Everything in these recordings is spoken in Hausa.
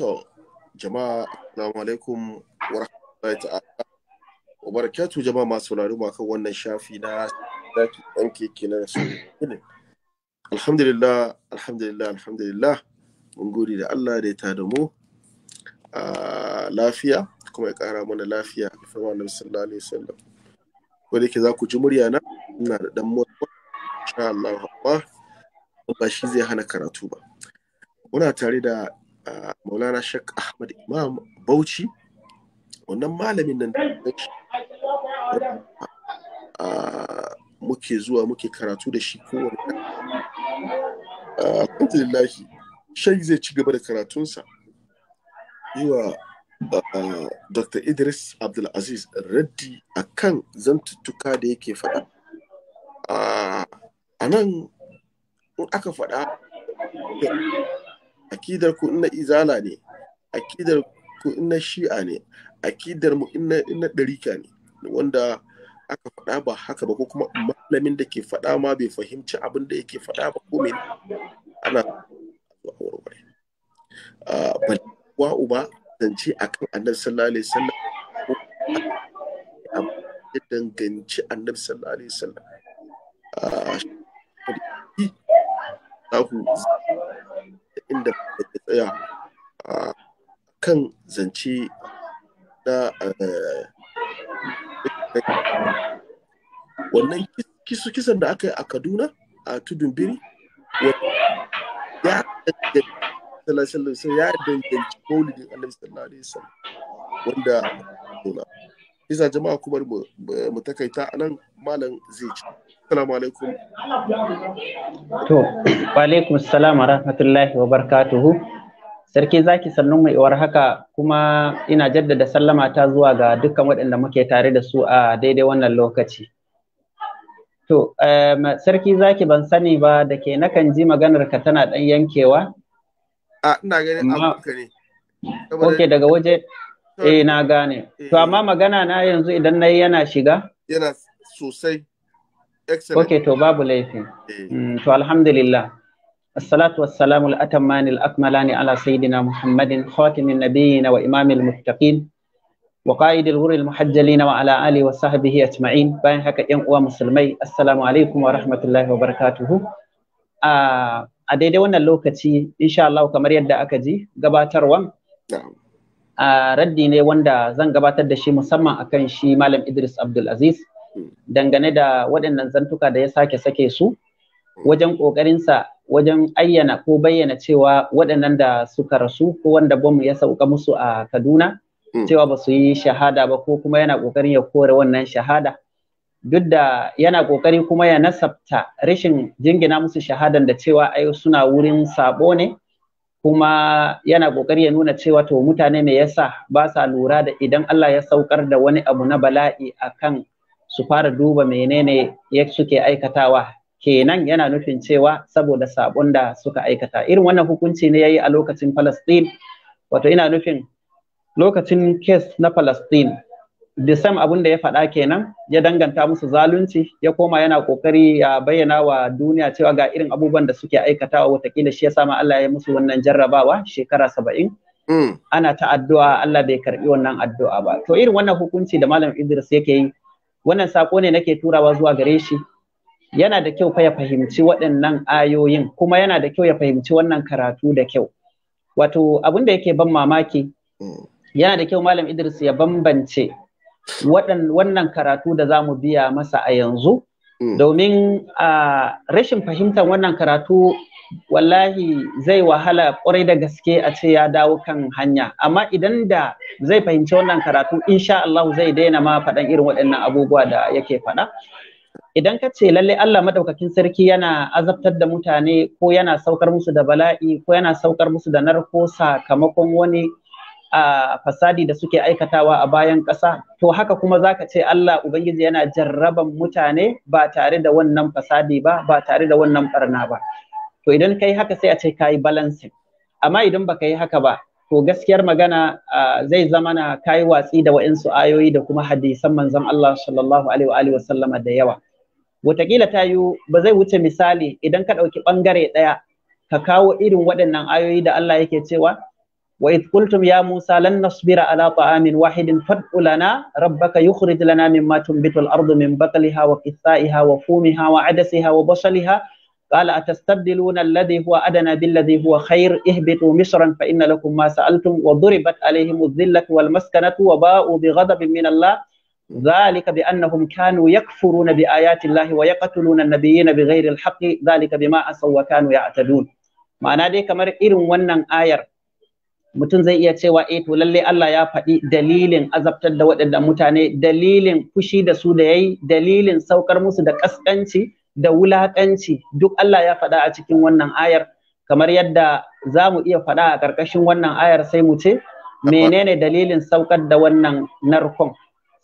To, jama'a, assalamu alaikum wa rahmatullahi barakatu jama'a masu sauraro ma kan wannan shafi na dan keke na su. Alhamdulillah, alhamdulillah, alhamdulillah. Mun gode da Allah da ya tada mu. lafiya kuma ya kara mana lafiya alfarma na sallallahu alaihi wasallam. yake za ku ji murya na ina da dan motsa insha Allah ba shi zai hana karatu ba. Muna tare da maulana shak ahmad imam bauchi wannan malamin nan muke zuwa muke karatu da shi kowane alhamdulillahi shai zai ci gaba da karatunsa yiwa dr idris abdulaziz raddi a kan zantuttuka da yake faɗa a nan in aka faɗa akidar ku inna izala ne akidar ku inna shi'a ne akidar mu inna inna ɗarika ne wanda aka faɗa ba haka ba ko kuma malamin da ke faɗa ma bai fahimci abin da yake faɗa ba ko me ana warware ba wa uba zance akan annabi sallallahu alaihi wasallam ya danganci annabi sallallahu alaihi wasallam ku inda ake tsaya a kan zance na wannan kisu kisan da aka yi a kaduna a tudun biri ya danganci ya danganci maulidin annabi sallallahu alaihi wasallam wanda isa jama'a kuma mu takaita anan malam zai ci Assalamu alaikum. To, alaikum salam wa rahmatullahi wa barakatuhu. Sarki zaki sannun mai iwar haka kuma ina jaddada sallama ta zuwa ga dukkan waɗanda muke tare da su a daidai wannan lokaci. To, sarki zaki ban sani ba da ke nakan ji maganar ka tana ɗan yankewa? A, ina ganin abuka ne. Ok, daga waje, eh na gane. To, amma magana na yanzu idan na yi yana shiga? Yana sosai. Excellent. to babu laifin. Eh. Mm, to alhamdulillah. Assalatu wassalamu al'atammani al'akmalani ala sayyidina Muhammadin khatimin nabiyina wa imamil muttaqin wa qaidil wuril muhajjalina wa ala ali wa sahbihi ajma'in bayan haka yan uwa musulmai assalamu alaikum wa rahmatullahi wa barakatuhu. A daidai wannan lokaci insha Allah kamar yadda aka ji gabatarwa raddi ne wanda zan gabatar da shi musamman akan shi Mallam Idris Abdul dangane da waɗannan zantuka da ya sake sake su wajen ƙoƙarinsa wajen ayyana ko bayyana cewa waɗannan da suka rasu ko wanda bom ya sauka musu a Kaduna hmm. cewa ba su yi shahada ba ko kuma yana ƙoƙarin ya kore wannan shahada duk da yana ƙoƙari kuma ya nasabta rashin jingina musu shahadan da cewa ai suna wurin sabo ne kuma yana ƙoƙari ya nuna cewa to mutane me yasa ba sa lura da idan Allah ya saukar da wani abu na bala'i akan su fara duba menene ya suke aikatawa kenan yana nufin cewa saboda sabon da suka aikata irin wannan hukunci ne yayi a lokacin Palestine wato ina nufin lokacin kes na Palestine da sam abin da ya faɗa kenan ya danganta musu zalunci ya koma yana kokari ya bayyana wa duniya cewa ga irin abubuwan da suke aikatawa watakila shi ya sama Allah ya musu wannan jarrabawa shekara saba'in mm. ana ta addu'a Allah bai karbi wannan addu'a ba to irin wannan hukunci da malam Idris yake yi wannan sako ne nake turawa zuwa gare shi yana da kyau fa ya fahimci waɗannan ayoyin kuma yana da kyau ya fahimci wannan karatu da kyau wato abin da yake ban mamaki yana da kyau malam idris ya bambance wannan karatu da za mu biya masa a yanzu mm. domin ah, rashin fahimtar wannan karatu wallahi zai wahala ƙwarai da gaske a ce ya dawo kan hanya amma idan da zai fahimci wannan karatu insha Allah zai daina ma faɗan irin waɗannan abubuwa da yake faɗa idan ka ce lalle Allah madaukakin sarki yana azabtar da mutane ko yana saukar musu da bala'i ko yana saukar musu da narko sakamakon wani a fasadi da suke aikatawa a bayan ƙasa to haka kuma zaka ce Allah ubangiji yana jarraban mutane ba tare da wannan fasadi ba ba tare da wannan barna ba to idan ka yi haka sai a ce ka yi balancing amma idan baka yi haka ba to gaskiyar magana zai zama na kai watsi da wa'insu ayoyi da kuma hadisan manzon Allah sallallahu alaihi wa sallama da yawa wataƙila ta yiwu ba zai wuce misali idan ka ɗauki ɓangare ɗaya ka kawo irin waɗannan ayoyi da Allah yake cewa wa idh qultum ya musa lan nasbira ala ta'amin wahidin fad'u lana rabbaka yukhrij lana mimma tumbitu al-ardu min baqliha wa qithaiha wa fumiha wa adasiha wa basaliha قال أتستبدلون الذي هو أدنى بالذي هو خير اهبطوا مصرا فإن لكم ما سألتم وضربت عليهم الذلة والمسكنة وباءوا بغضب من الله ذلك بأنهم كانوا يكفرون بآيات الله ويقتلون النبيين بغير الحق ذلك بما أصوا وكانوا يعتدون ma'ana dai kamar irin wannan ayar mutum zai iya cewa eh to lalle Allah ya faɗi dalilin azabtar da waɗanda mutane dalilin fushi da su da yayi dalilin saukar musu da kaskanci da wulaƙanci duk Allah ya faɗa a cikin wannan ayar kamar yadda za mu iya faɗa a ƙarƙashin wannan ayar sai mu ce menene dalilin saukar da wannan narkon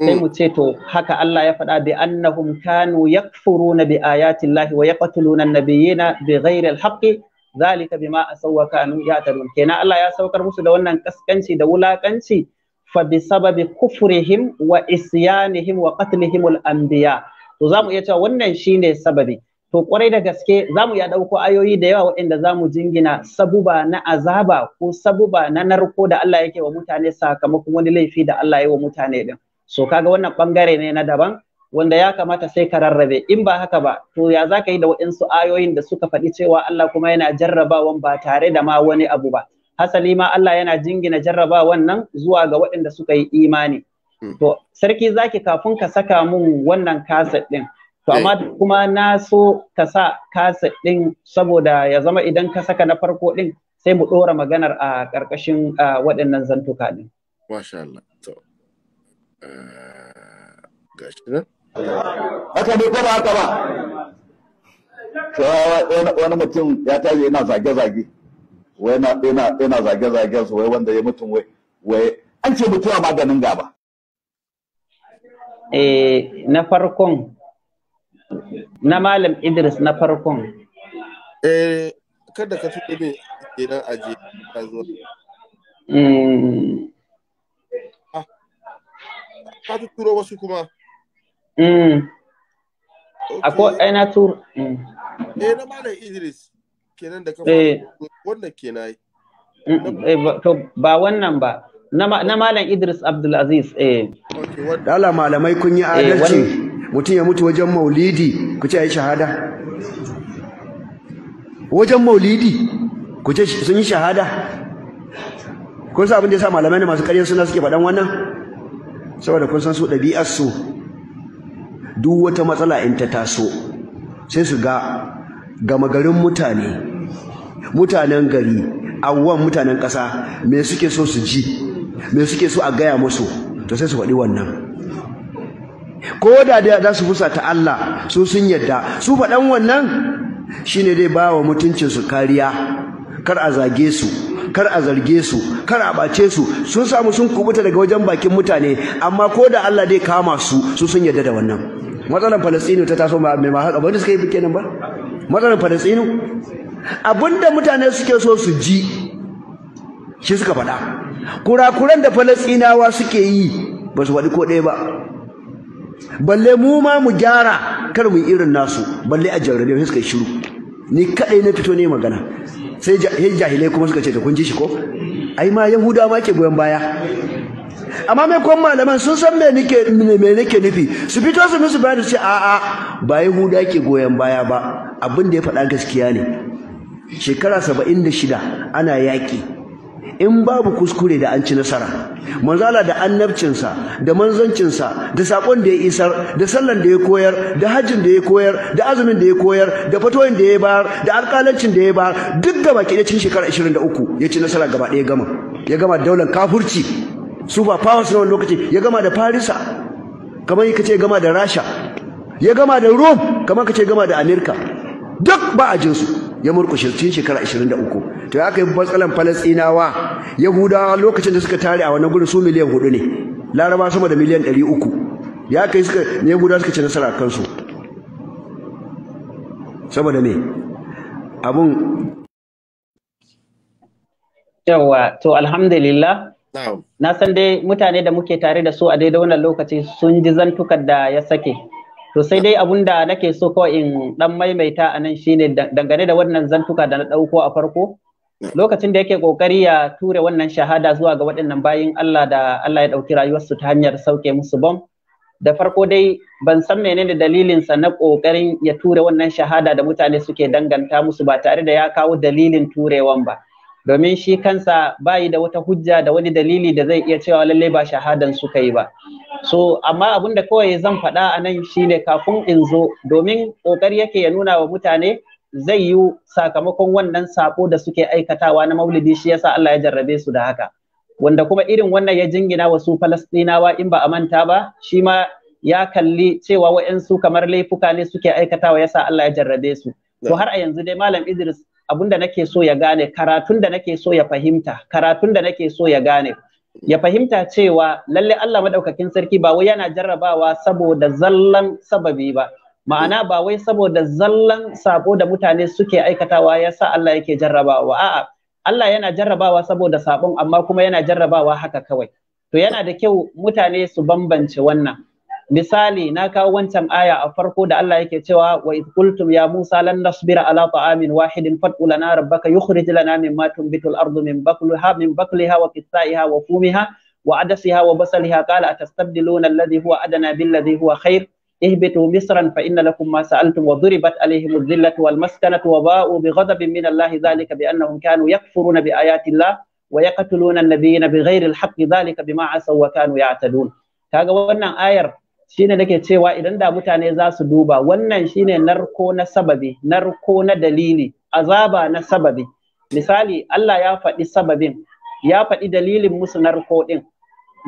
sai mu ce to haka Allah ya faɗa bi annahum kanu yakfuruna bi ayati Allah wa yaqtuluna nabiyina bi ghairi al-haqqi zalika bima asawwa kanu ya'tadun kenan Allah ya saukar musu da wannan kaskanci da wulakanci fa bi sababi kufrihim wa isyanihim wa qatlihim al-anbiya' to za mu iya cewa wannan shine sababi to kwarai da gaske zamu iya ɗauko ayoyi da yawa waɗanda zamu jingina sabuba na azaba ko sabuba na narko da Allah yake wa mutane sakamakon wani laifi da Allah ya wa mutane din so kaga wannan bangare ne na daban wanda ya kamata sai ka rarrabe in ba haka ba to ya za ka yi da waɗansu ayoyin da suka faɗi cewa Allah kuma yana jarrabawan ba tare da ma wani abu ba hasali ma Allah yana jingina jarrabawan nan zuwa ga waɗanda suka yi imani Hmm. To sarki zaki kafin ka saka mun wannan kaset din. To amma eh. kuma na so ka sa kaset din saboda ya zama idan ka saka na farko din sai mu ɗora maganar a ƙarƙashin waɗannan zantuka din. Masha Allah. To. Eh, gashi nan. Haka ne ko ba haka ba. Wani mutum ya tashi yana zage-zage. Wai na zage zage su wai wanda ya mutum wai an ce mutuwa maganin gaba Eh, na farkon na malam idris na farkon eh kada ka tuɗe min idan aje ka zo ka turo wasu kuma mm. akwai aina tur mm. eh na malam idris kenan da ka eh. kenan mm, eh, to ba wannan ba na malam Idris Abdulaziz eh Allah malamai kun yi eh, adalci mutum ya mutu wajen maulidi ku ce yi shahada wajen maulidi ku ce sun yi shahada kun san abin da yasa malamai ne masu ƙarya suna suke faɗan wannan saboda kun san su ɗabi'ar su duk wata matsala in ta taso sai su ga gama garin mutane mutanen gari awwan mutanen ƙasa me suke so su ji me suke so a gaya musu to sai su faɗi wannan ko da za su ta Allah su sun yadda su faɗan wannan shine dai ba wa mutuncinsu kariya kar a zage su kar a zarge su kar a ɓace su sun samu sun kubuta daga wajen bakin mutane amma ko da Allah dai kama su su sun yadda da wannan matsalar falastinu ta taso mai ma haka wanda suka yi kenan ba matsalar falastinu abinda mutane suke so su ji shi suka faɗa kurakuran da falastinawa suke yi ba su faɗi ko ɗaya ba balle mu ma mu gyara kar mu irin nasu balle a jarrabe sai suka shiru ni kadai na fito ne magana sai jahilai kuma suka ce ta kun ji shi ko ai ma yahuda ma ke goyon baya amma mai kwan malaman sun san me nake me nake nufi su fito su musu bayani su ce a'a ba yahuda ke goyon baya ba abin da ya faɗa gaskiya ne shekara 76 ana yaƙi in babu kuskure da an ci nasara manzala da annabcinsa da manzancinsa da sakon da ya isar da sallan da ya koyar da hajjin da ya koyar da azumin da ya koyar da fatoyin da ya bayar da alƙalancin da ya bayar duk gaba ki cikin shekara 23 ya ci nasara gaba ɗaya gama ya gama daular kafurci ba powers na lokaci ya gama da farisa kamar kace gama da rasha ya gama da rome kamar kace gama da america duk ba a jinsu ya murkushe cikin shekara 23 to ya yi matsalan falasinawa yahudawa lokacin da suka tare a wannan gudun su miliyan hudu ne laraba sama da miliyan ɗari uku ya kai suka yahudawa suka ci nasara kansu saboda me abun yawa to alhamdulillah na san dai mutane da muke tare da su a daidai wannan lokaci sun ji zantukar da ya sake to sai dai abun da nake so kawai in dan maimaita a nan shine dangane da wannan zantuka da na ɗauko a farko lokacin da yake kokari ya ture wannan shahada zuwa ga waɗannan bayin Allah da Allah ya ɗauki rayuwarsu ta hanyar sauke musu bom da farko dai ban san menene dalilinsa na kokarin ya ture wannan shahada da mutane suke danganta musu ba tare da ya kawo dalilin turewan ba domin shi kansa bayi da wata hujja da wani dalili da zai iya cewa lallai ba shahadan suka yi ba so amma abin da kawai zan faɗa a nan shine kafin in zo domin kokari yake ya nuna wa mutane zai yi sakamakon wannan sako da suke aikatawa na maulidi shi yasa Allah ya jarrabe su da haka wanda kuma irin wannan ya jingina wa su falastinawa in ba a manta ba shi ma ya kalli cewa waɗansu kamar laifuka ne suke aikatawa yasa Allah ya jarrabe su to har a yanzu dai malam Idris abunda nake so ya gane karatun da nake so ya fahimta karatun da nake so ya gane ya fahimta cewa lalle Allah madaukakin sarki ba wai yana jarrabawa saboda zallan sababi ba ma'ana ba wai saboda zallan sabo da mutane suke aikatawa yasa Allah yake jarrabawa a'a Allah yana jarrabawa saboda sabon amma kuma yana jarrabawa haka kawai to yana da kyau mutane su bambance wannan misali na kawo wancan aya a farko da Allah yake cewa wa kultum ya Musa lan nasbira ala ta'amin wahidin fad'u lana rabbaka yukhrij lana mimma tunbitu ardu min bakliha min bakliha wa qithaiha wa fumiha wa adasiha wa basaliha qala atastabdiluna alladhi huwa adana billadhi huwa khair ihbitu misran fa inna lakum ma sa'altum wa duribat alaihim adh-dhillatu wal maskanatu wa ba'u bi ghadabin min Allah dhalika bi annahum kanu yakfuruna bi ayati Allah wa yaqtuluna an-nabiyina zalika al-haqqi dhalika bima asaw wa kanu ya'tadun kaga wannan ayar shine nake cewa idan da mutane za su duba wannan shine narko na sababi narko na dalili azaba na sababi misali Allah ya faɗi sababin ya faɗi dalilin musu narko ɗin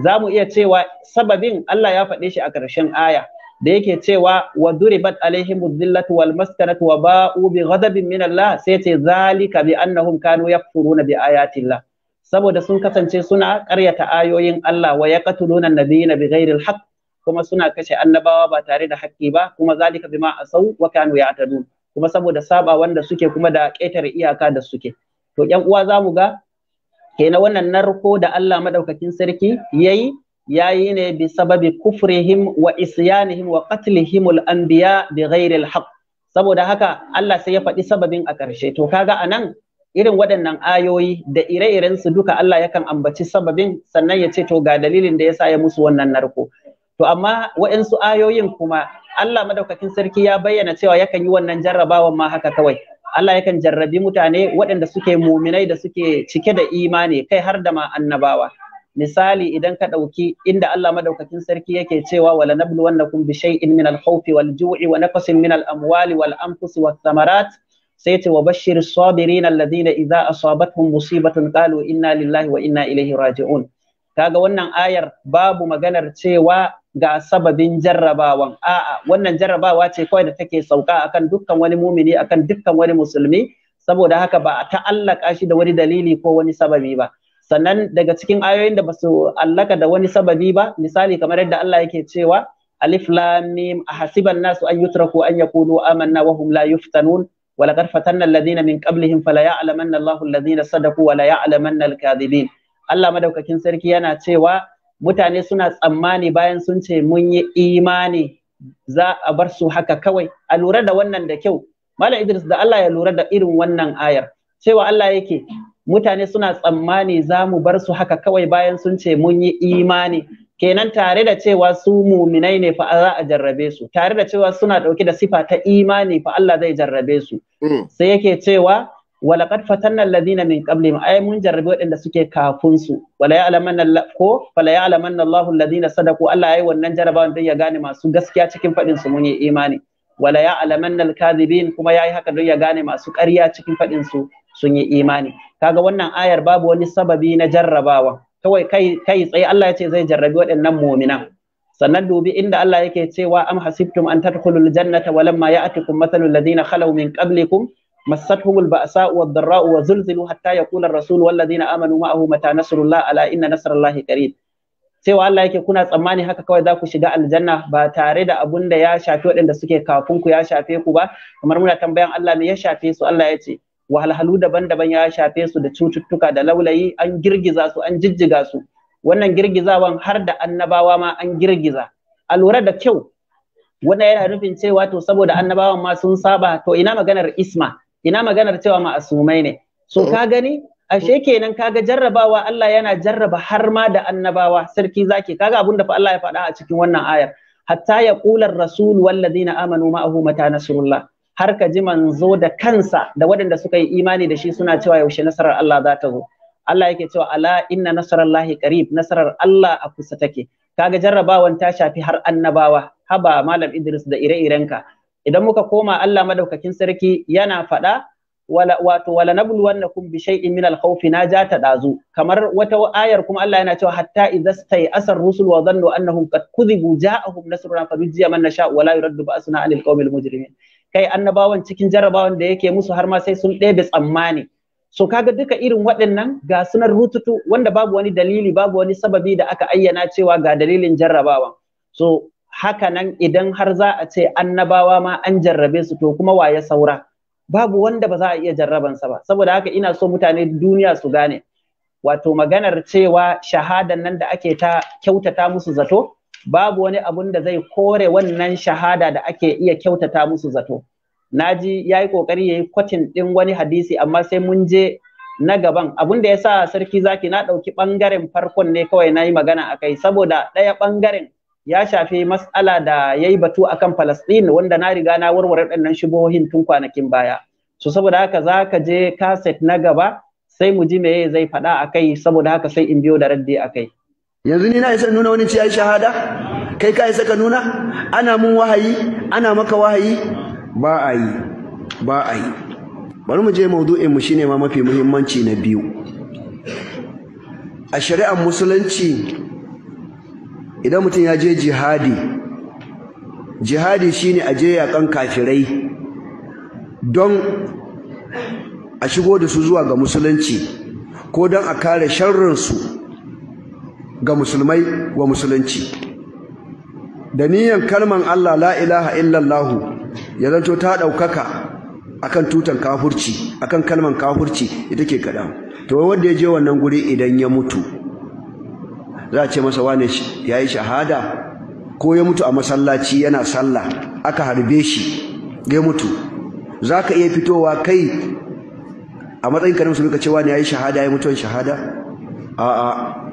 za mu iya cewa sababin Allah ya faɗe shi a ƙarshen aya da yake cewa wa duribat alaihim dhillatu wal maskanatu wa ba'u bi ghadabin min Allah sai ce zalika bi annahum kanu yakfuruna bi ayati Allah saboda sun kasance suna karyata ayoyin Allah wa yaqtuluna an-nabiyina ghairi al-haqq kuma suna kashe annabawa ba tare da haƙƙi ba kuma zalika bima asaw wa kanu ya'tadun kuma saboda saba wanda suke kuma da ƙetare iyaka da suke to ƴan uwa zamu ga kenan wannan narko da Allah madaukakin sarki yayi yayi ne bi sababi kufrihim wa isyanihim wa qatlihim al-anbiya bi ghairi al-haq saboda haka Allah sai ya faɗi sababin a ƙarshe to kaga anan irin waɗannan ayoyi da ire-iren su duka Allah yakan ambaci sababin sannan ya ce to ga dalilin da yasa ya musu wannan narko to amma waɗansu ayoyin kuma Allah madaukakin sarki ya bayyana cewa yakan yi wannan jarrabawan ma haka kawai Allah yakan jarrabi mutane waɗanda suke muminai da suke cike da imani kai har da ma annabawa misali idan ka ɗauki inda Allah madaukakin sarki yake cewa wala nabluwannakum bi shay'in min al-khawfi wal ju'i wa naqsin min al-amwali wal anfusi was samarat sai ce wa bashir sabirin alladhina idza asabatuhum musibatun qalu inna lillahi wa inna ilaihi raji'un kaga wannan ayar babu maganar cewa ga sababin jarrabawan a'a wannan jarrabawa ce kawai da take sauka akan dukkan wani mumini akan dukkan wani musulmi saboda haka ba a ta'allaka shi da wani dalili ko wani sababi ba sannan daga cikin ayoyin da basu allaka da wani sababi ba misali kamar yadda Allah yake cewa alif lam mim ahasiban nasu an yutraku an yaqulu amanna wa hum la yuftanun ولقد min الذين من قبلهم فلا يعلمن الله الذين صدقوا ولا يعلمن الكاذبين Allah madaukakin sarki yana cewa mutane suna tsammani bayan sun ce mun yi imani za a bar su haka kawai a lura da wannan da kyau Malam Idris da Allah ya lura da irin wannan ayar cewa Allah yake mutane suna tsammani za mu bar su haka kawai bayan sun ce mun yi imani kenan tare da cewa su muminai ne fa za a jarrabe su tare da cewa suna dauke da sifa ta imani fa Allah zai jarrabe su hmm. sai yake cewa walaqad fatanna alladhina min qablihim ay mun jarrabe waɗanda suke kafin su wala ya'lamanna ko fala ya'lamanna Allahu alladhina sadaku Allah yayi wannan jarrabawan don ya gane masu gaskiya cikin fadin su mun yi imani wala ya'lamanna al kuma yayi haka don ya gane masu ƙarya cikin faɗin su sun yi imani kaga wannan ayar babu wani sababi na jarrabawa kawai kai kai tsaye Allah ya ce zai jarrabi waɗannan mu'minan sannan dubi inda Allah yake cewa am hasibtum an tadkhulul jannata walamma ya'atikum mathalul ladina khalaw min qablikum مستهم البأساء والضراء وزلزلوا حتى يقول الرسول والذين آمنوا معه متى نصر الله ألا إن نصر الله cewa Allah yake kuna tsammani haka kawai za ku shiga aljanna ba tare da abun da ya shafi waɗanda suke kafin ku ya shafe ku ba kamar muna tambayan Allah me ya shafe su Allah ya ce wahalhalu daban-daban ya shafe su da cututtuka da laulayi an girgiza su an jijjiga su wannan girgizawan har da annabawa ma an girgiza a lura da kyau wannan yana nufin cewa to saboda annabawan ma sun saba to ina maganar isma ina maganar cewa ma'asumai ne so ka gani ashe kenan kaga jarrabawa Allah yana jarraba har ma da annabawa sarki zaki kaga abun da fa Allah ya faɗa a cikin wannan ayar hatta ya qula ar-rasul wal ladina amanu ma'ahu mata nasrullah har ka ji manzo da kansa da waɗanda suka yi imani da shi suna cewa yaushe nasarar Allah za ta zo Allah yake cewa ala inna nasarar lahi karib, nasarar Allah a kusa take kaga jarrabawan ta shafi har annabawa haba malam Idris da ire-irenka idan muka koma Allah madaukakin sarki yana faɗa wala wato wala nabluwannakum bi shay'in min al-khawfi najata dazu kamar wata ayar kuma Allah yana cewa hatta idza stay asar rusul wa dhannu annahum qad kudhibu ja'ahum nasruna fanujiya man nasha wa la yuraddu ba'suna 'anil qawmil mujrimin kai annabawan cikin jarabawan da yake musu har ma sai sun ɗebe tsammani so kaga duka irin waɗannan ga sunan rututu wanda babu wani dalili babu wani sababi da aka ayyana cewa ga dalilin jarrabawan so haka nan idan har za a ce annabawa ma an jarrabe su to kuma waye saura babu wanda ba za a iya jarrabansa ba saboda haka ina so mutane duniya su gane wato maganar cewa shahadan nan da ake ta kyautata musu zato babu wani abun da zai kore wannan shahada da ake iya kyautata musu zato naji yayi kokari yi kwatin ɗin wani hadisi amma sai mun je na gaban abun da ya sa sarki zaki na ɗauki bangaren farkon ne kawai nayi magana akai saboda ɗaya bangaren ya shafi mas'ala da yayi batu akan Palestine wanda na riga na warware ɗannan shubohin tun kwanakin baya so saboda haka zaka je kaset na gaba sai mu ji me zai faɗa akai saboda haka sai in biyo da raddi akai yanzu ni na isa nuna wani ciyayi shahada kai ka isa ka nuna ana mun wahayi ana maka wahayi ba a yi ba a yi bari mu je maudu'in mu shine ma mafi muhimmanci na biyu a shari'ar musulunci idan mutum ya je jihadi jihadi shine a je yakan kafirai don a shigo da su zuwa ga musulunci ko don a kare sharrinsu ga musulmai wa musulunci da niyan kalman Allah la ilaha illallahu ya zanto ta ɗaukaka akan tutan kafurci akan kalman kafurci ita ke kaɗan to wanda ya je wannan guri idan ya mutu za a ce masa wane ya yi shahada ko ya mutu a masallaci yana sallah aka harbe shi ya mutu za ka iya fitowa kai a matsayin karin musulmi ka ce wane ya yi shahada ya mutuwan shahada a'a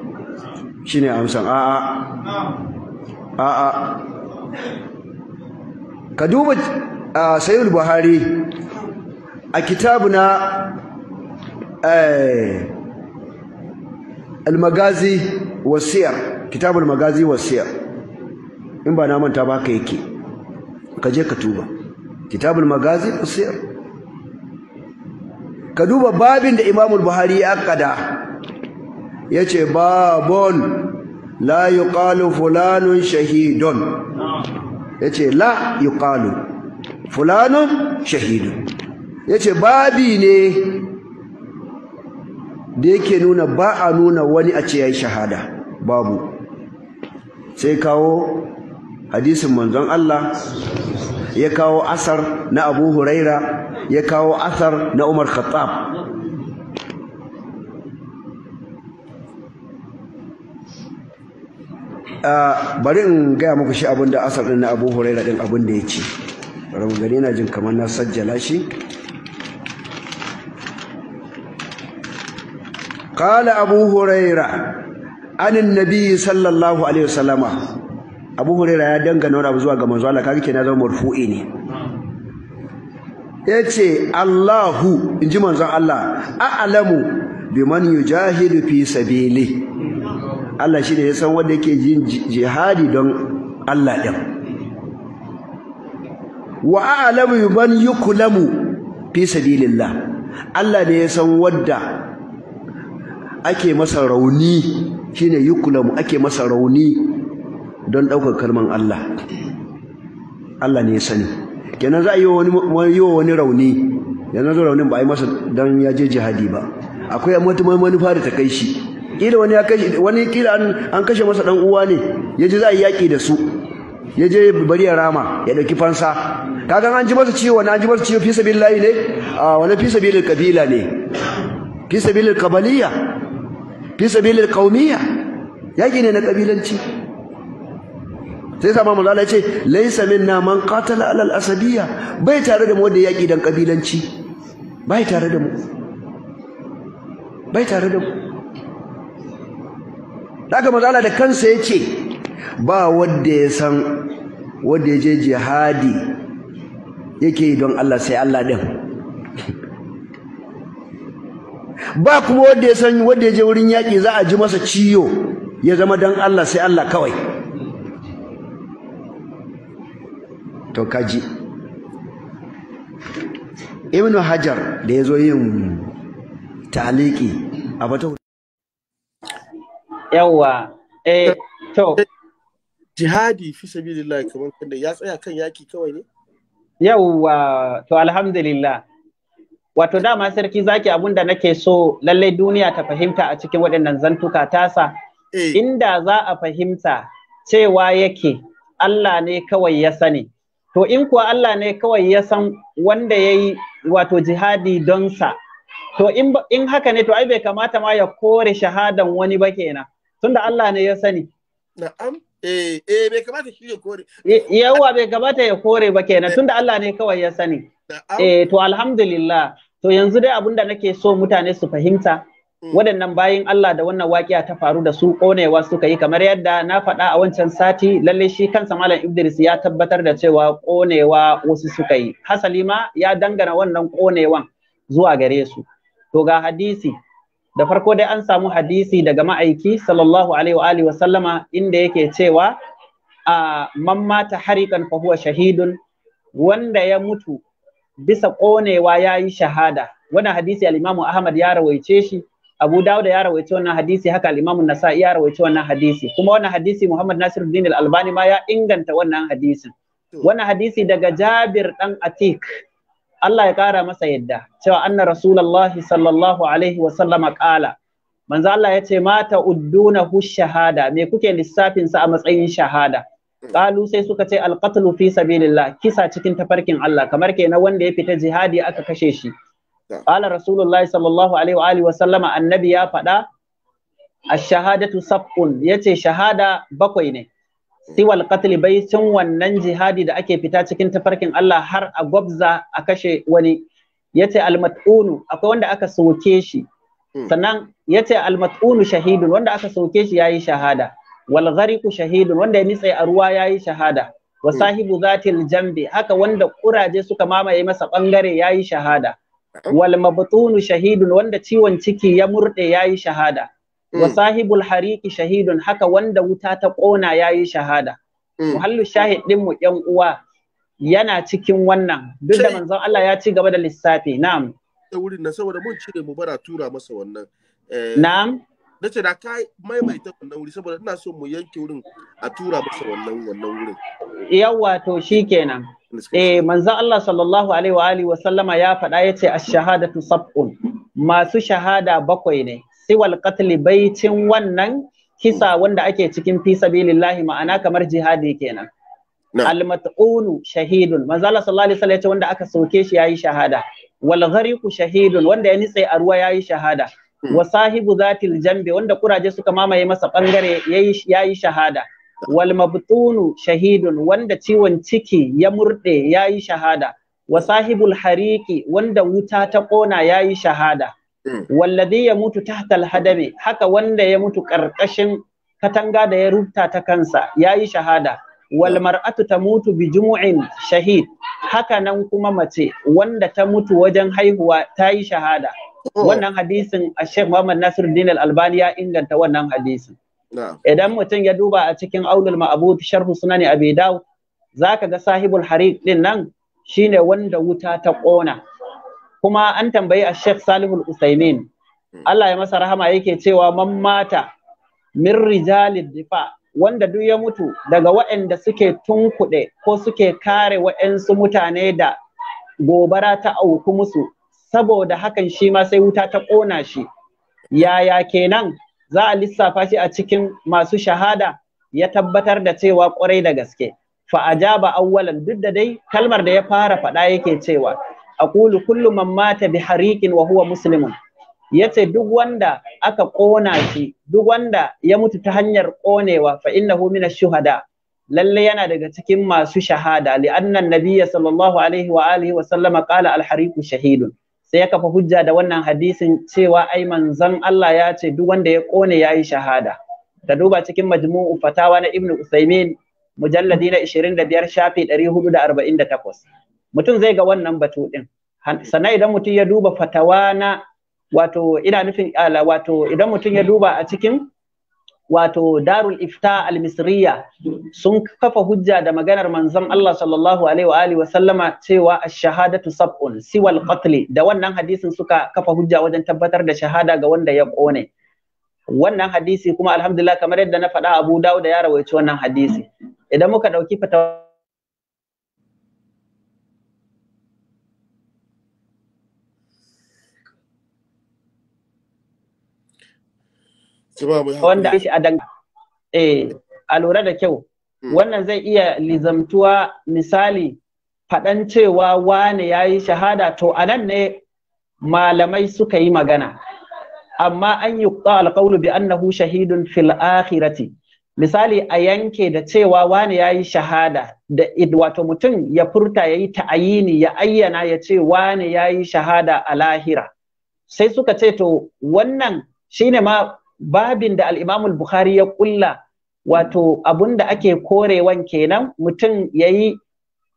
ne amsan a'a a'a ka duba sayyid buhari a kitabu na almagazi wasiyar kitabul magazi wasiyar in ba na manta ba ka yake ka je ka tuba kitabu almagazi wasiyar ka duba babin da imamul buhari ya kada yace babun la yuqalu fulanun shahidun yace la yuqalu fulanun shahidun yace babi ne da yake nuna ba a nuna wani a ce yayi shahada babu sai kawo hadisin manzon Allah ya kawo asar na Abu Huraira ya kawo asar na Umar Khattab bari in gaya muku shi abin da asar din na Abu Huraira din abin da ya ce. Bari mu gani na jin kamar na sajjala shi. Qala Abu Huraira anin nabiyyi sallallahu alaihi wasallama Abu Huraira ya dangana wani abu zuwa ga manzo Allah kage na zama marfu'i ne. Ya ce, Allahu in inji manzon Allah a'lamu biman yujahidu fi sabilihi Allah shi ne ya san wanda yake yin jihadi don Allah ɗin wa a'lamu man mu fi sabilillah Allah ne ya san wanda ake masa rauni shine mu ake masa rauni don ɗaukar kalman Allah Allah ne ya sani kenan za a yi wa wani rauni yanzu raunin ba a yi masa don ya je jihadi ba akwai mai manufa da ta kai shi kila wani ya kashe wani kila an kashe masa dan uwa ne yaje za a yaki da su yaje bari ya rama ya dauki fansa kaga an ji masa ciwo na an ji masa ciwo fi sabilillahi ne a wani fi sabilil kabila ne fi sabilil kabaliya fi sabilil qaumiya yaki ne na kabilanci sai sa mu lalai ce laisa minna man qatala alal asabiyya bai tare da mu wanda yaki dan kabilanci bai tare da mu bai tare da mu daga mazala da kansa ya ce ba wanda ya san wanda ya je jihadi yake don Allah sai Allah din ba kuma wanda ya san wanda ya je wurin yaƙi za a ji masa ciyo ya zama don Allah sai Allah kawai to kaji ibnu hajar da ya zo yin taliki a Yawwa, eh, to. Jihadi fi sabilillah kamar kanda ya tsaya kan yaki kawai ne? Yawwa, to alhamdulillah. Wato dama sarki zaki abunda nake so lallai duniya ta fahimta a cikin waɗannan zantuka tasa. Eh. Inda za a fahimta cewa yake Allah ne kawai ya sani. To in kuwa Allah ne kawai ya san wanda ya yi wato jihadi don sa, to in haka ne to ai bai kamata ma ya kore shahadan wani ba kenan. tunda Allah ne ya sani na'am eh eh bai kamata shi ya kore yawa bai kamata ya kore ba kenan eh. tunda Allah ne kawai ya sani eh to alhamdulillah to yanzu dai abinda nake so mutane su fahimta mm. waɗannan bayin Allah da wannan waƙiya ta faru da su ƙonewa suka yi kamar yadda na faɗa a wancan sati lalle shi kansa malam Idris ya tabbatar da cewa ƙonewa wasu suka yi hasali ma ya dangana wannan ƙonewan zuwa gare su to ga hadisi da farko dai an samu hadisi daga ma'aiki sallallahu alaihi wa alihi wa sallama inda yake cewa a man mata harikan fa huwa shahidun wanda ya mutu bisa konewa yayi shahada wannan hadisi al-Imam Ahmad ya rawaice shi Abu Dawud ya rawaice wannan hadisi haka al-Imam Nasa'i ya rawaice wannan hadisi kuma wannan hadisi Muhammad Nasiruddin al-Albani ma ya inganta wannan hadisin wannan hadisi daga Jabir dan Atik Allah ya ƙara masa yadda cewa anna rasulullahi sallallahu alaihi wa sallama ƙala manzo Allah ya ce mata udduna hu shahada me kuke lissafin sa a matsayin shahada qalu sai suka ce alqatlu fi sabilillah kisa cikin tafarkin Allah kamar na wanda ya fita jihadi aka kashe shi qala rasulullahi sallallahu alaihi wa alihi wa sallama annabi ya faɗa ash-shahadatu sab'un yace shahada bakwai ne siwal qatl bai cin wannan jihadi da ake fita cikin tafarkin Allah har a gwabza a kashe wani yace almat'unu akwai wanda aka soke shi hmm. sannan yace almat'unu shahidun wanda aka soke shi yayi shahada wal ghariqu shahidun wanda ya nitse a ruwa yayi shahada wa hmm. sahibu zatil jambi haka wanda kuraje suka mamaye masa bangare yayi shahada hmm. wal mabtunu shahidun wanda ciwon ciki ya murde yayi shahada Mm. wa sahibul hariki shahidun haka wanda wuta ta ƙona yayi shahada mm. muhallu shahid din mu yan uwa yana cikin wannan duk da manzon Allah ya ci gaba da lissafi na'am da wurin nan saboda mun cire mu bara tura masa wannan eh, na'am na ce da ka wannan wuri saboda ina so mu yanke wurin a tura masa wannan wannan wurin yawa to shikenan eh manzon Allah sallallahu alaihi wa alihi wa sallama ya faɗa yace ash-shahadatu sab'un masu shahada bakwai ne siwal qatli baicin wannan kisa wanda ake cikin fi sabilillahi ma'ana kamar jihadi kenan al shahidun manzo Allah sallallahu alaihi wasallam wanda aka soke shi yayi shahada wal ghariqu shahidun wanda ya nitse a ruwa yayi shahada hmm. wa sahibu zatil jambi wanda kuraje suka mamaye masa bangare yayi shahada wal mabtunu shahidun wanda ciwon ciki ya murde yayi shahada wa sahibul hariqi wanda wuta ta kona yayi shahada Hmm. Walladhi ya mutu tahtal hadami haka wanda ya mutu ƙarƙashin katanga da ya rubuta ta kansa ya yi shahada Walmar'atu hmm. ta mutu bi shahid haka nan kuma mace wanda ta mutu wajen haihuwa ta yi shahada oh. wannan hadisin a Sheikh Muhammad Nasiruddin Al-Albani ya inganta wannan hadisin idan mutum ya duba a cikin aulul ma'bud Sharhu Sunani abi daud zaka ga sahibul hariq din nan shine wanda wuta ta ƙona. kuma an tambayi a Sheikh Salihul Usaimin Allah ya masa rahama yake cewa man mata min rijalid difa wanda duk ya mutu daga waɗanda suke tunkuɗe ko suke kare waɗansu mutane da gobara ta auku musu saboda hakan shi ma sai wuta ta ƙona shi yaya kenan za a lissafa shi a cikin masu shahada ya tabbatar da cewa ƙwarai da gaske fa ajaba awwalan duk da dai kalmar da ya fara faɗa yake cewa aqulu kullu man mata bi hariqin wa huwa muslimun yace duk wanda aka kona shi duk wanda ya mutu ta hanyar konewa fa innahu min shuhada lalle yana daga cikin masu shahada li anna nabiyya sallallahu alaihi wa alihi wa sallama qala al hariqu shahidun sai ya kafa hujja da wannan hadisin cewa ai manzon Allah ya ce duk wanda ya kone yayi shahada Ta duba cikin majmu'u fatawa na ibnu usaimin mujalladi na 25 shafi 448 mutum zai ga wannan batu din sannan idan mutum ya duba fatawa na wato ina nufin ala wato idan mutum ya duba a cikin wato darul ifta al misriya sun kafa hujja da maganar manzon Allah sallallahu alaihi wa alihi wa sallama cewa ash-shahadatu sab'un siwal qatl da wannan hadisin suka kafa hujja wajen tabbatar da shahada ga wanda ya kone wannan hadisi kuma alhamdulillah kamar yadda na faɗa Abu Dawud ya rawaici wannan hadisi idan muka dauki fatawa wanda a eh a lura da kyau hmm. wannan zai iya lizamtuwa misali faɗan cewa wane ya yi shahada to a nan ne malamai suka yi magana amma an yi alƙaulu bi annahu shahidun fil akhirati misali a yanke da cewa wane ya yi shahada da wato mutum ya furta ya yi ta'ayini ya ayyana ya ce wane ya yi shahada a lahira sai suka ce to wannan shine ma babin da al'imamul bukhari ya kulla wato abun da ake korewan kenan mutum ya yi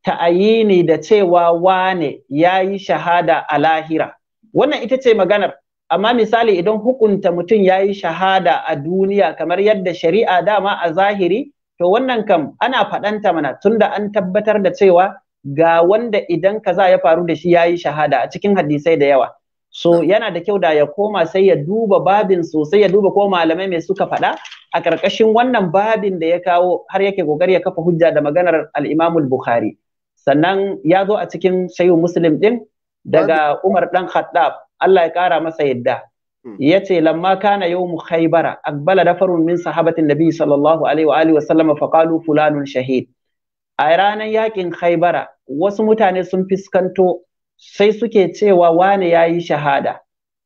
ta'ayini da cewa wane ya yi shahada a lahira wannan ita ce maganar amma misali idan hukunta mutum ya yi shahada a duniya kamar yadda shari'a dama a zahiri to wannan kam ana faɗanta mana tunda an tabbatar da cewa ga wanda idan kaza ya faru da shi ya yi shahada a cikin hadisai da yawa so yana da kyau da ya koma sai ya duba babin sosai ya duba ko malamai mai suka faɗa a ƙarƙashin wannan babin da ya kawo har yake kokari ya kafa hujja da maganar al Bukhari sannan ya zo a cikin sayu Muslim ɗin daga Umar dan Khattab Allah ya kara masa yadda hmm. yace lamma kana yawmu khaybara aqbala nafarun min sahabatin nabi sallallahu alaihi wa alihi wa sallam fa qalu fulanun shahid a ranar yakin khaybara wasu mutane sun fuskanto. sai suke cewa wane ya yi shahada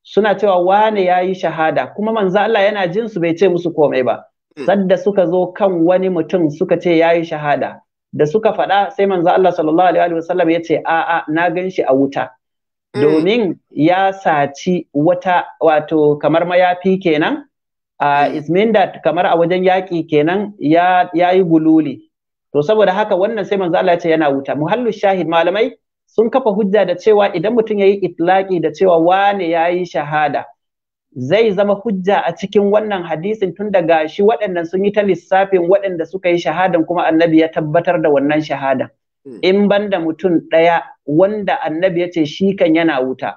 suna cewa wane ya yi shahada kuma manzo Allah yana jin su bai ce musu komai ba hmm. sadda suka zo kan wani mutum suka ce ya yi shahada da suka faɗa sai manzo Allah sallallahu alaihi wasallam ya ce a'a na gan shi a wuta hmm. domin ya saci wata wato kamar mayafi kenan a hmm. isminda kamar a wajen yaƙi kenan ya yi gululi to saboda haka wannan sai manzo Allah ya ce yana wuta muhallu shahid malamai sun kafa hujja da cewa idan mutum ya yi itlaki da cewa wane ya yi shahada zai zama hujja a cikin wannan hadisin tun da gashi waɗannan sun yi ta lissafin waɗanda suka yi shahadan kuma annabi ya tabbatar da wannan shahadan hmm. in banda mutum ɗaya wanda annabi ya ce shi kan yana wuta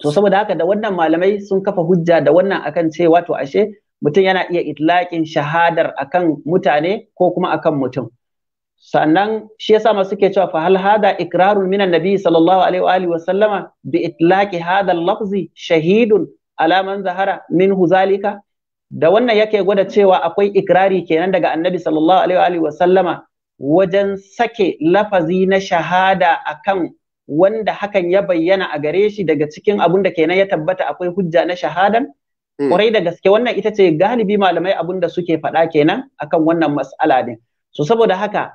to saboda haka da wannan malamai sun kafa hujja da wannan akan cewa to ashe mutum yana iya itlaƙin shahadar akan mutane ko kuma akan mutum sannan shi yasa masu ke cewa fa hal hada ikrarun Minan annabi sallallahu alaihi wa alihi wa sallama bi itlaqi hada lafzi shahidun ala man zahara minhu zalika da wannan yake gwada cewa akwai ikrari kenan daga annabi sallallahu alaihi wa alihi wa sallama wajen sake lafazi na shahada akan wanda hakan ya bayyana a gare shi daga cikin abun da kenan ya tabbata akwai hujja na shahadan hmm. kwarai da gaske wannan ita ce galibi malamai abun da suke faɗa kenan akan wannan mas'ala ne so saboda haka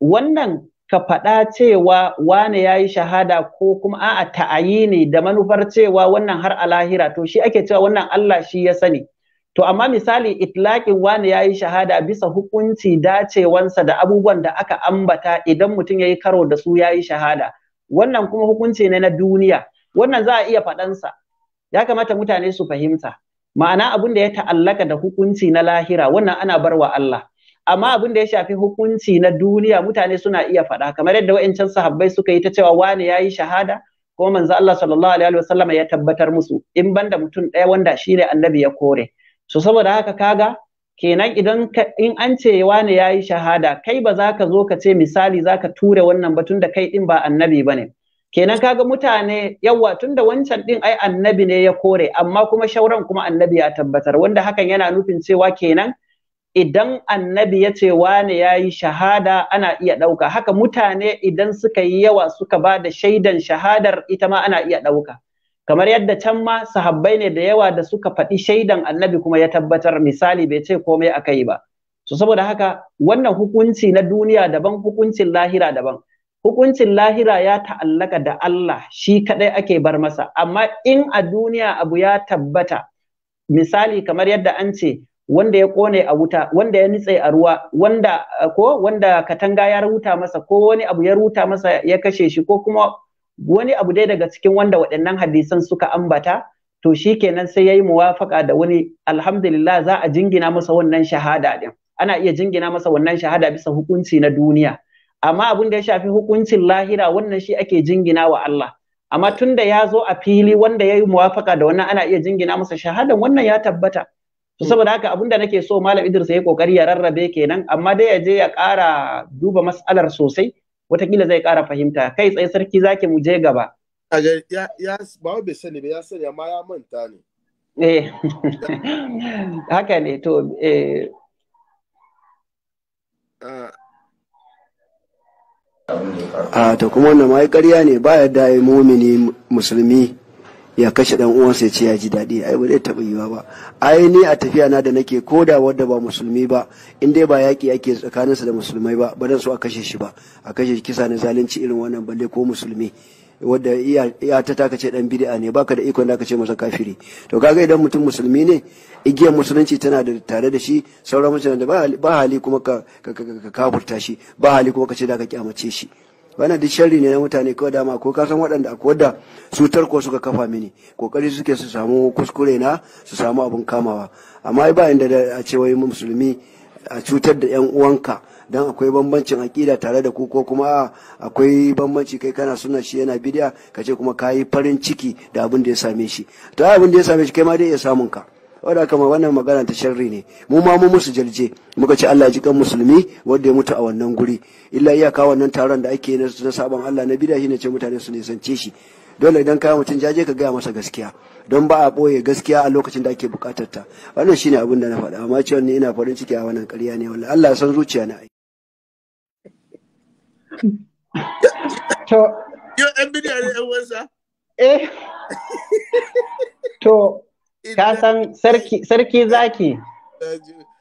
wannan ka faɗa cewa wane ya yi shahada ko kuma a'a ta'ayi ne da manufar cewa wannan har a lahira to shi ake cewa wannan Allah shi ya sani to amma misali itlaƙin wane ya yi shahada bisa hukunci dacewansa da abubuwan da aka ambata idan mutum ya yi karo da su ya yi shahada wannan kuma hukunci ne na duniya wannan za a iya faɗansa ya kamata mutane su fahimta ma'ana abin da ya ta'allaka da hukunci na lahira wannan ana barwa Allah amma abin da ya shafi hukunci na duniya mutane suna iya faɗa kamar yadda wa'ancan sahabbai suka yi ta cewa wani yayi shahada ko manzo Allah sallallahu alaihi wasallam ya tabbatar musu in banda mutum ɗaya wanda shine annabi ya kore so saboda haka kaga kenan idan in an ce wani yayi shahada kai ba za ka zo ka ce misali za ka ture wannan ba tunda kai din ba annabi bane kenan kaga mutane yawa tunda wancan din ai annabi ne ya kore amma kuma shauran kuma annabi ya tabbatar wanda hakan yana nufin cewa kenan idan annabi ya ce wane ya yi shahada ana iya ɗauka haka mutane idan suka yi yawa suka ba da shaidan shahadar ita ma ana iya ɗauka kamar yadda can ma sahabbai ne da yawa da suka faɗi shaidan annabi kuma ya tabbatar misali bai ce komai aka yi ba to saboda haka wannan hukunci na duniya daban hukuncin lahira daban hukuncin lahira ya ta'allaka da Allah shi kadai ake bar masa amma in a duniya abu ya tabbata misali kamar yadda an ce wanda ya kone a wuta wanda ya nitse a ruwa wanda ko wanda katanga ya ruta masa ko wani abu ya ruta masa ya kashe shi ko kuma wani abu dai daga cikin wanda waɗannan hadisan suka ambata to shikenan sai yayi muwafaka da wani alhamdulillah za a jingina masa wannan shahada din ana iya jingina masa wannan shahada bisa hukunci na duniya amma abin da ya shafi hukuncin lahira wannan shi ake jingina wa Allah amma tunda ya zo a fili wanda ya yi muwafaka da wannan ana iya jingina masa shahadan wannan ya tabbata to saboda haka abin da nake so malam Idris ya kokari ya rarrabe kenan amma dai ya je ya ƙara duba mas'alar sosai watakila zai ƙara fahimta kai tsaye sarki zaki mu je gaba ya ya ba bai sani ba ya sani amma ya manta ne eh haka ne to eh a ah. ah, to kuma wannan ma ƙarya ne ba ya da mumini musulmi ya kashe dan uwansa ya ce ya ji daɗi ai ba zai taɓa yiwa ba ai ni a tafiya na da nake koda wanda ba musulmi ba in dai ba yaƙi ake tsakaninsa da musulmai ba ba dan so a kashe shi ba a kashe kisa na zalunci irin wannan balle ko musulmi wadda iya ta taka ce dan bid'a ne baka da ikon da ka ce masa kafiri to kaga idan mutum musulmi ne igiyar musulunci tana da tare da shi sauran mutane da ba hali kuma ka kafurta shi ba hali kuma ka ce da ka kyamace shi bana da sharri ne na mutane kawai dama ko ka san waɗanda a wadda su tarko suka kafa mini kokari suke su samu kuskure na su samu abin kamawa amma ai ba inda da a ce wai musulmi a cutar da yan uwanka dan akwai bambancin aƙida tare da ku ko kuma akwai bambanci kai kana suna shi yana bidiya ka ce kuma kayi farin ciki da abin da ya same shi to abin da ya same shi kai ma dai ya samun ka wanda kama wannan magana ta sharri ne mu ma mu musu jalje muka ci Allah ya ji kan musulmi wanda ya mutu a wannan guri illa iyaka wannan taron da ake na sabon Allah na bida na ce mutane su nisance shi dole idan kaya mutum jaje ka gaya masa gaskiya don ba a ɓoye gaskiya a lokacin da ake buƙatar ta wannan shine abin da na faɗa amma cewa ni ina farin ciki a wannan ƙarya ne wallahi Allah ya san zuciya na to yo an ne yan eh to ka san sarki sarki zaki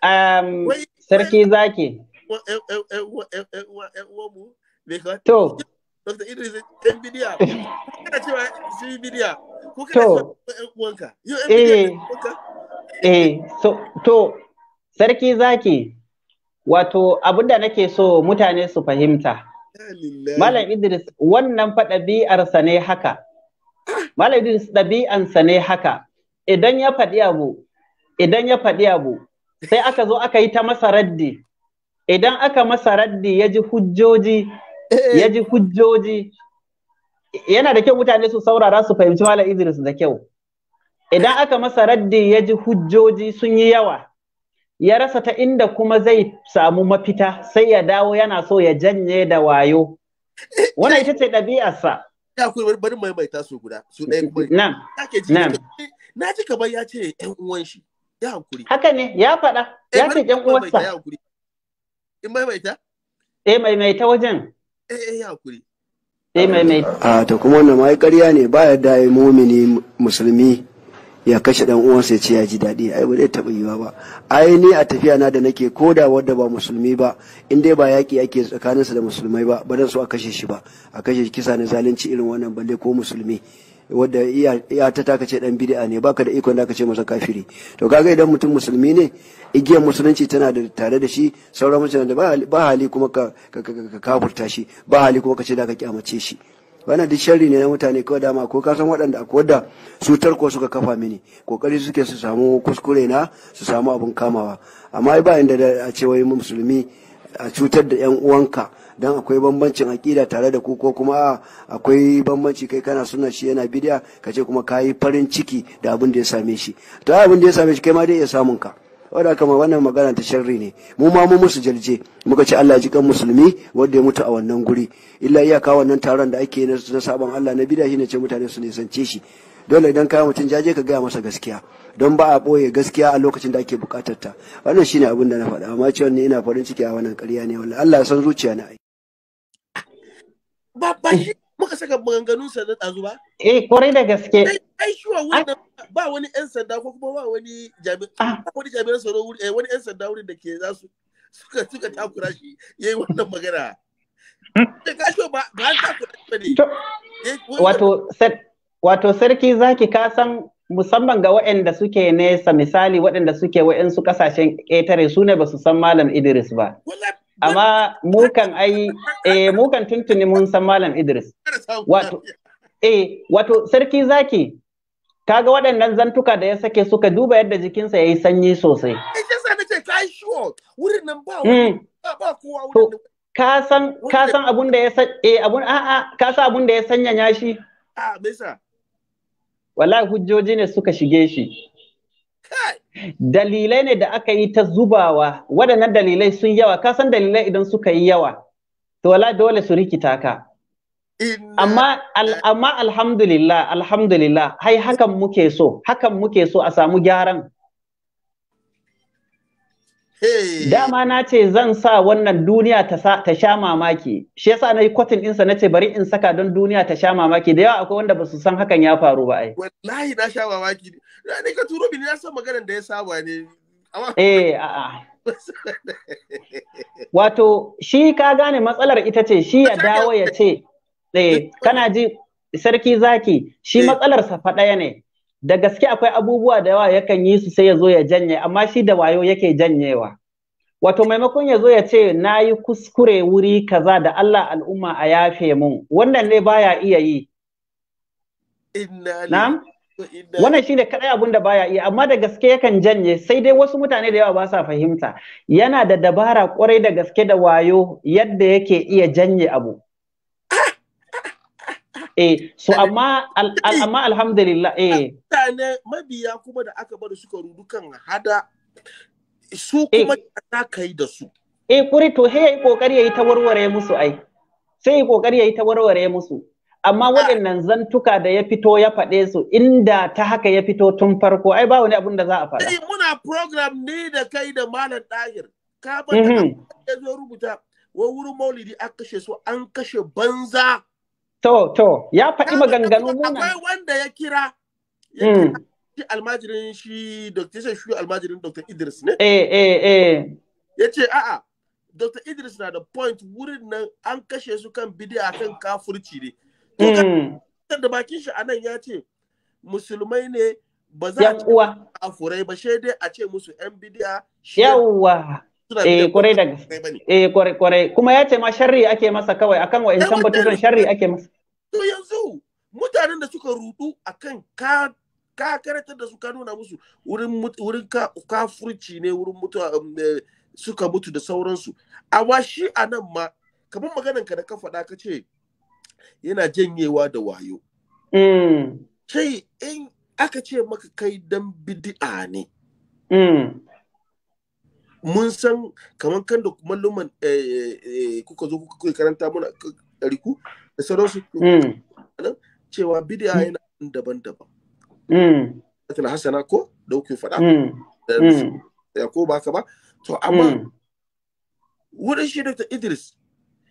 um sarki zaki to to Idris Eh, so, to, sarki zaki, wato abin da nake so mutane su fahimta. Malam Idris, wannan fa ɗabi'arsa ne haka. Malam Idris ɗabi'ansa ne haka. idan ya faɗi abu idan ya faɗi abu sai aka zo aka yi ta masa raddi idan aka masa raddi ya ji hujjoji eh. ya ji hujjoji yana da kyau mutane su saurara su fahimci malam Idris da kyau idan aka masa raddi ya ji hujjoji sun yi yawa ya rasa ta inda kuma zai samu mafita sai ya dawo yana so ya janye da wayo wannan ita ce ɗabi'arsa ya kuma bari maimaita su guda su ɗaya kuma nan nan na ji kamar ya ce yan uwan shi ya hankuri haka ne ya faɗa eh, ya ce yan uwansa ya in maimaita eh maimaita wajen eh eh ya hankuri eh maimaita a to kuma wannan mai ƙarya ne ba ya dai mumini musulmi ya kashe dan uwansa ya ce ya ji daɗi ai ba zai taɓa yiwa ba ai ni a tafiya na da nake koda wanda ba musulmi ba in dai ba yaƙi ake tsakaninsa da musulmai ba ba dan so a kashe shi ba a kashe kisa na zalunci irin wannan balle ko musulmi wadda iya ta taka ce dan bid'a ne baka da ikon da ka ce masa kafiri to kaga idan mutum musulmi ne igiyar musulunci tana da tare da shi sauran mutane da ba hali kuma ka kafurta shi ba hali kuma ka ce da ka kyamace shi wannan duk sharri ne na mutane kawai dama ko ka san waɗanda ko da su tarko suka kafa mini kokari suke su samu kuskure na su samu abun kamawa amma ba inda a ce wai musulmi a cutar da yan uwanka dan akwai bambancin aƙida tare da ku ko kuma akwai bambanci kai kana suna shi yana bidiya ka ce kuma ka yi farin ciki da abin da ya same shi to abin da ya same shi kai ma dai ya samun ka wadda kama wannan magana ta sharri ne mu ma mu musu jalje muka ci Allah ji kan musulmi wanda ya mutu a wannan guri illa iyaka wannan taron da ake na sabon Allah na bidiya shine ce mutane su nisance shi dole idan ka mutum jaje ka gaya masa gaskiya don ba a ɓoye gaskiya a lokacin da ake buƙatar ta wannan shine abin da na faɗa amma cewa ni ina farin ciki a wannan ƙarya ne wallahi Allah ya san zuciya na ai ba ba muka saka maganganun sa na ɗazu ba eh kore da gaske ai shuwa wannan ba wani ɗan sanda ko kuma ba wani jami'an ah. wani jami'an tsaro eh, wani ɗan sanda wurin da ke za su suka suka takura shi yayi wannan magana hmm? eh, Wato, sarki zaki kasan musamman ga waɗanda suke nesa misali waɗanda suke waɗansu ƙasashen ƙetare su ne ba su san Malam Idris ba. Amma mukan ai, eh, mukan tuntuni mun san Malam Idris. Wato, eh, wato sarki zaki, kaga waɗannan zantuka da ya sake suka duba yadda jikinsa ya yi sanyi sosai. Hmm. ka san abun da ya eh, sanya nyashi? shi ah, wallahi hujjoji ne suka shige shi dalilai ne da aka yi ta zubawa waɗannan dalilai sun yawa ka san dalilai idan suka yi yawa to wallahi dole su rikita ka amma al, amma alhamdulillah alhamdulillah hai hakan muke so hakan muke so a samu gyaran Dama na ce zan sa wannan duniya ta sha mamaki. Shi yasa na yi kwatin ɗinsa na ce bari in saka don duniya ta sha mamaki. Da yawa akwai wanda ba su san hakan ya faru ba ai. Wallahi na sha mamaki. Na ne ka turo ne, na san maganar da ya saba ne. Eh a'a. Wato shi ka gane matsalar ita ce shi ya dawo ya ce. Eh kana ji sarki zaki shi eh. matsalarsa fa ɗaya ne. da gaske akwai abubuwa da yawa yakan yi su sai ya zo ya janye amma shi da wayo yake janyewa wato maimakon ya zo ya ce na yi kuskure wuri kaza da Allah al'umma a yafe mun wannan ne baya iya yi wannan wannan ne kadai abun da baya iya amma da gaske yakan janye sai dai wasu mutane da yawa ba sa fahimta yana da dabara kwarai da gaske da wayo yadda yake iya janye abu eh so amma amma alhamdulillah eh mutane mabiya kuma da aka bar suka rudu kan hada su kuma eh. za ka yi da su eh kuri to he yayi kokari yayi ta musu ai sai yayi kokari yayi ta warware musu amma ah. waɗannan zantuka da ya fito ya faɗe su inda ta haka ya fito tun farko ai ba wani abun da za a faɗa. muna program ne da kai da malam dahir ka ba mhm. ya zo rubuta wa wurin maulidi an kashe su an kashe banza To, to, ya faɗi maganganu muna. Akwai wanda ya kira, ya kira hmm. shi almajirin shi, Dr. Isha shi almajirin Dr. Idris ne? Eh, eh, eh. Ya ce, a'a, Dr. Idris na da point wurin nan an kashe su kan bidiya kan kafurci ne. To, hmm. da bakin shi anan ya ce, musulmai ne ba za a kafurai ba, sai dai a ce musu 'yan bidiya. Yawwa. eh kwarai da eh kwarai kwarai kuma ya ce ma sharri ake masa kawai akan wa'ancan batutan sharri ake masa to yanzu mutanen da suka rudu akan ka ka karatar da su ka nuna musu wurin wurin ka kafurci ne wurin mutu um, eh, suka mutu da sauransu amma shi a nan ma kamar maganar ka da ka faɗa ka ce yana janyewa da wayo sai mm. in aka ce maka kai dan bid'a ne mm. mun san kamar kan da malluman eh, eh, eh, kuka zo kuka karanta muna ɗariku da sauransu mm. cewa bidiya mm. yana daban-daban. Mm. Tana hasana ko da kuke faɗa. Ya ko ba ka ba. To amma wurin shi Dr. Idris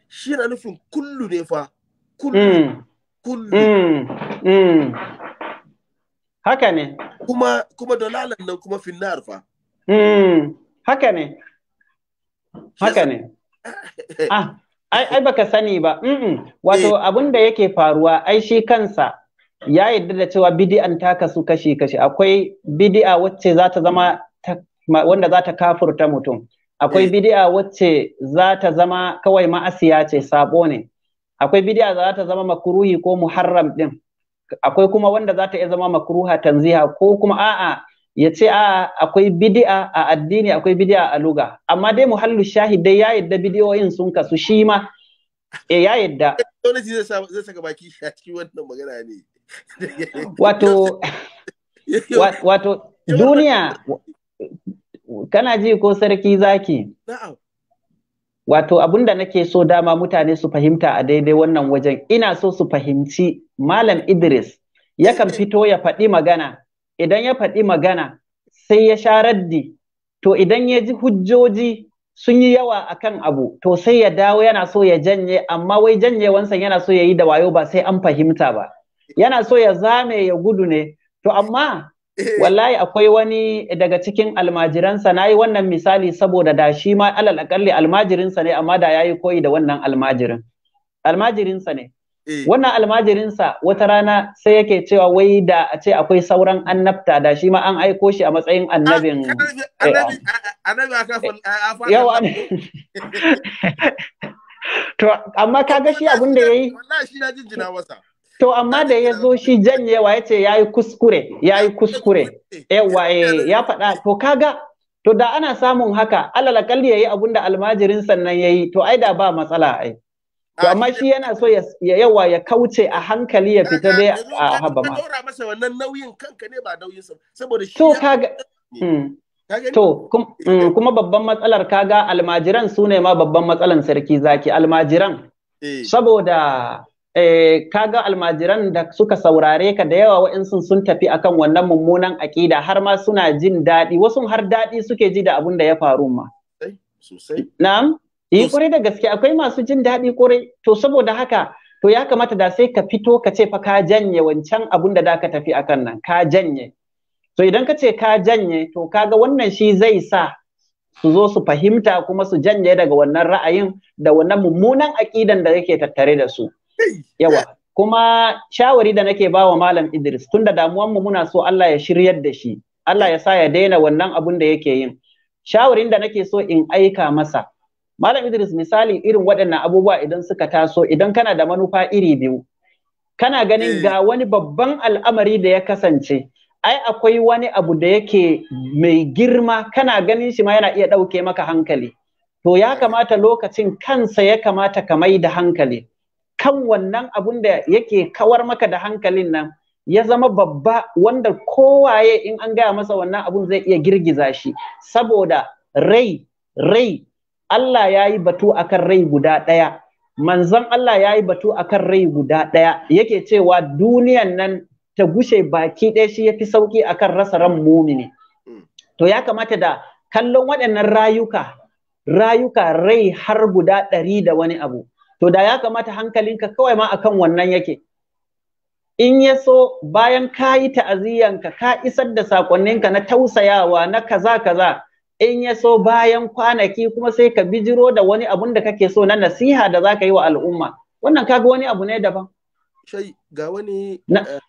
shi na nufin kullu ne fa kullu. Kullu. Haka ne. Kuma kuma dalalan nan kuma finnar fa. haka ne haka ne ah ai baka sani ba mm wato eh. abin da yake faruwa ai shi kansa ya yarda da cewa bidi'an ta kasu kashi kashi akwai bidi'a wacce za ta zama wanda za ta kafurta mutum akwai eh. bidi'a wacce za ta zama kawai ma'asiya ce sabo ne akwai bidi'a za ta zama makruhi ko muharram din akwai kuma wanda za ta iya zama makruha tanziha ko kuma a'a ya ce a akwai bidi'a a addini akwai bidi'a a luga amma dai muhallu shahid dai ya yadda bidiyoyin sun kasu shi ma e ya yadda zai saka baki a cikin wannan magana ne wato wato duniya kana ji ko sarki zaki wato abun da nake so dama mutane su fahimta a daidai wannan wajen ina so su fahimci malam idris yakan eh. fito ya faɗi magana idan ya faɗi magana sai ya sha raddi to idan ya ji hujjoji sun yi yawa a kan abu to sai ya dawo yana so ya janye amma wai janyewansa yana so ya yi da wayo ba sai an fahimta ba yana so ya zame ya gudu ne to amma eh. wallahi akwai wani daga cikin almajiransa na yi wannan misali saboda da shi ma alal akalli almajirinsa ne amma da ya yi koyi da wannan almajirin almajirinsa ne Eh. wannan almajirinsa wata rana sai yake cewa wai da a ce akwai sauran annabta da shi ma an aiko shi a matsayin ah, annabin yawa to amma ga shi abin da yayi to amma da ya zo shi janyewa ya ce ya yi kuskure ya yi kuskure yawa eh, ya faɗa to kaga to da ana samun haka alalakalli yayi ya yi abin da almajirin sannan ya yi to ai da ba matsala ai To amma shi yana so ya yawa ya kauce a hankali ya fita dai a haba ma. Ka masa wannan nauyin kanka ne ba nauyin sa saboda shi. To kaga hmm. To hmm, kuma babban matsalar kaga almajiran su ne ma babban matsalan sarki zaki almajiran. Eh. Saboda eh, kaga almajiran da suka saurare ka da yawa wa'insu sun tafi akan wannan mummunan aƙida har ma suna jin daɗi wasu har daɗi suke ji da abin da ya faru ma. Na'am? eh kwarai da gaske akwai masu jin daɗi kwarai to saboda haka to ya kamata da sai ka fito ka ce fa ka janye wancan abun da da ka tafi akan nan ka janye To idan ka ce ka janye to kaga wannan shi zai sa su zo su fahimta kuma su janye daga wannan ra'ayin da wannan mummunan aƙidan da yake tattare da su yawa kuma shawari da nake bawa malam Idris tunda damuwan mu muna so Allah ya shiryar da shi Allah ya sa ya daina wannan abun da yake yin shawarin da nake so in aika masa Malam Idris misali irin waɗannan abubuwa idan suka taso idan kana da manufa iri biyu kana ganin eh. ga wani babban al'amari da ya kasance ai akwai wani abu da yake mai girma kana ganin shi ma yana iya ɗauke maka hankali to ya eh. kamata lokacin kansa ya kamata ka mai da hankali kan wannan abun da yake kawar maka da hankalin nan ya zama babba wanda kowaye in an gaya masa wannan abun zai iya girgiza shi saboda rai rai Allah ya yi batu akan rai guda ɗaya manzon Allah ya yi batu akan rai guda ɗaya yake cewa duniyan nan ta gushe baki ɗaya shi ya fi sauƙi akan rasa ran mumini to ya kamata da kallon waɗannan rayuka rayuka rai har guda ɗari da wani abu to da ya kamata hankalinka kawai ma akan wannan yake in ya so bayan ka yi ta'aziyyanka ka isar da saƙonninka na tausayawa na kaza kaza in ya so bayan kwanaki kuma sai ka bijiro da wani abun da kake so na nasiha da zaka yi wa al'umma wannan kaga wani abu ne daban shai ga wani eh,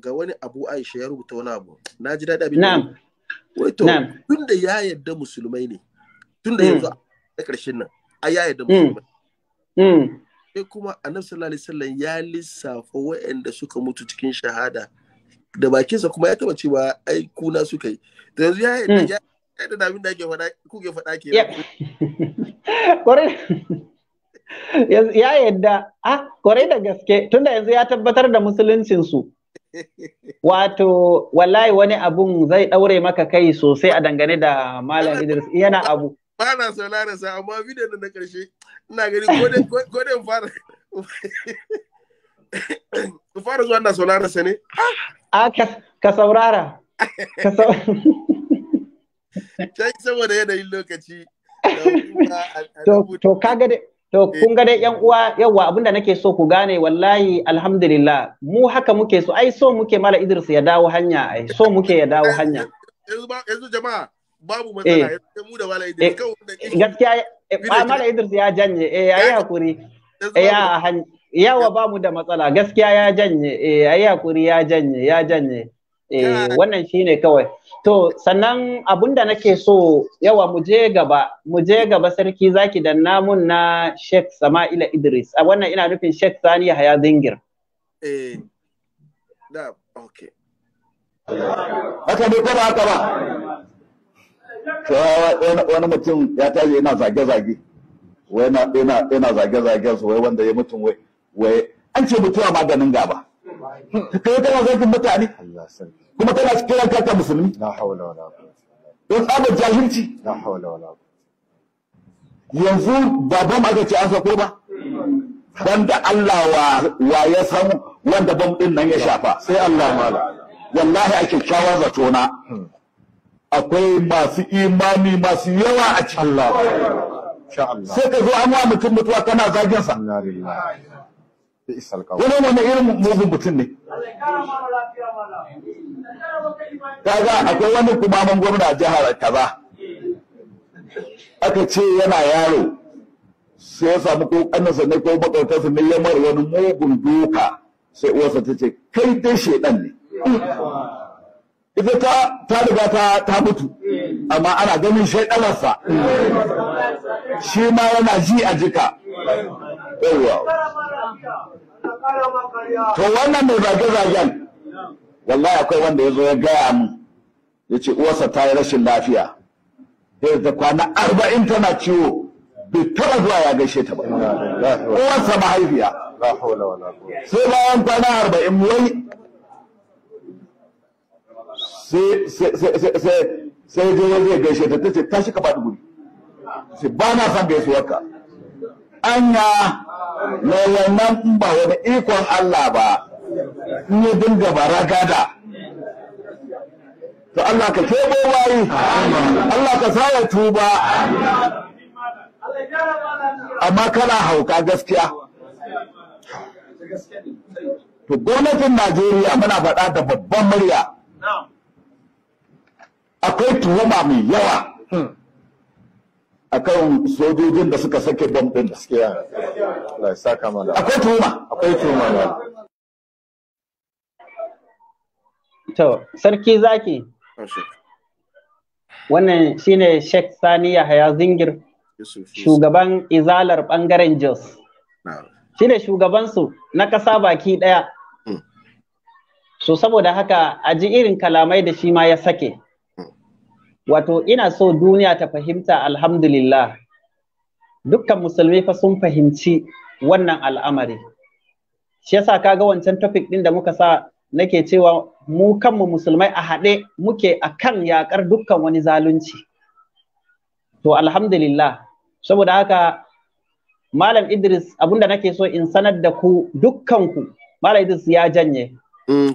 ga wani abu Aisha ya rubuta wani abu na ji daɗi abin na'am wai to tunda ya yarda musulmai ne tunda yanzu mm. a ƙarshen nan a ya yarda mm. musulmai mm. sai kuma annabi sallallahu alaihi wasallam ya lissafa waɗanda suka mutu cikin shahada da bakinsa kuma ya taba cewa ai kuna suka yi da yanzu ya yarda da abin da faɗa kuke faɗa ke ya yadda a kwarai da gaske ah, tunda yanzu ya tabbatar da musuluncinsu wato wallahi wani abun zai ɗaure maka kai sosai a dangane da malam Idris yana abu ba na saurara sa amma bidiyon da na karshe ina gani ko dai fara fara zuwa na saurara sa ne ah, a ka saurara ka saurara Can saboda yanayin lokaci. To kaga dai To eh. kun ga dai yan uwa yawa abinda nake so ku gane wallahi alhamdulillah mu haka muke so ai so muke mala Idris ya dawo hanya ai so muke ya dawo hanya yanzu jama'a babu matsala eh. yanzu mu da mala Idris eh, gaskiya mala Idris ya janye eh yayi hakuri yawa babu da matsala gaskiya ya janye eh yayi hakuri ya janye ya janye eh wannan ne kawai to sannan abun da nake so yawa mu je gaba mu je gaba sarki zaki da namun na Sheikh Sama'ila Idris a wannan ina nufin Sheikh Sani Haya Zingir eh da okay haka ne ko ba haka ba wani mutum ya tashi yana zage-zage wai yana zage-zagen su wai wanda ya mutum wai an ce mutuwa maganin gaba kai kana zagin mutane kuma tana kiran kanta musulmi la hawla wala in tsabar jahilci la hawla wala yanzu baban aka ce an sako ba banda Allah wa ya san wanda bam din nan ya shafa sai Allah mala wallahi a kyakkyawan zato na akwai masu imani masu yawa a cikin Allah sai ka zo an wa mutum mutuwa kana zagin sa wani irin mugun mutum ne kaga akwai wani kumaman gwamna a jihar kaza aka ce yana yaro sai ya samu ko ƙannansa ne ko makautarsa ne mara wani mugun doka sai uwarsa ta ce kai dai shaidan ne ita ta ta riga ta ta mutu amma ana ganin shaidanarsa shi ma yana ji a jika yawwa to wannan mai zage zagen wallahi akwai wanda ya zo ya gaya min ya ce uwarsa ta yi rashin lafiya sai ta kwana arba'in tana ciwo bai taba zuwa ya gaishe ta ba uwarsa mahaifiya sai bayan kwana arba'in wai sai je zai gaishe ta ta ce tashi ka faɗi guri ba na son gaisuwarka anya mai wannan ba wani ikon Allah ba in ya dinga baragada to Allah ka kebo bayi Allah ka saya tuba amma kana hauka gaskiya to gwamnatin Najeriya muna faɗa da babban murya akwai tuhuma mai yawa hmm. akan sojojin da suka sake bom din akwai tuma na. to sarki zaki wannan shine Sheikh Sani Yahaya Zingir shugaban izalar bangaren Jos shine shugabansu na kasa baki ɗaya. Hmm. so saboda haka a ji irin kalamai da shi ma ya sake wato ina so duniya ta fahimta alhamdulillah dukkan musulmi fa sun fahimci wannan al'amari shi yasa kaga wancan topic ɗin da muka sa nake cewa mu kanmu musulmai a haɗe muke akan yaƙar dukkan wani zalunci to alhamdulillah saboda haka malam Idris abinda nake so in sanar da ku dukkanku, ku malam Idris ya janye Mm,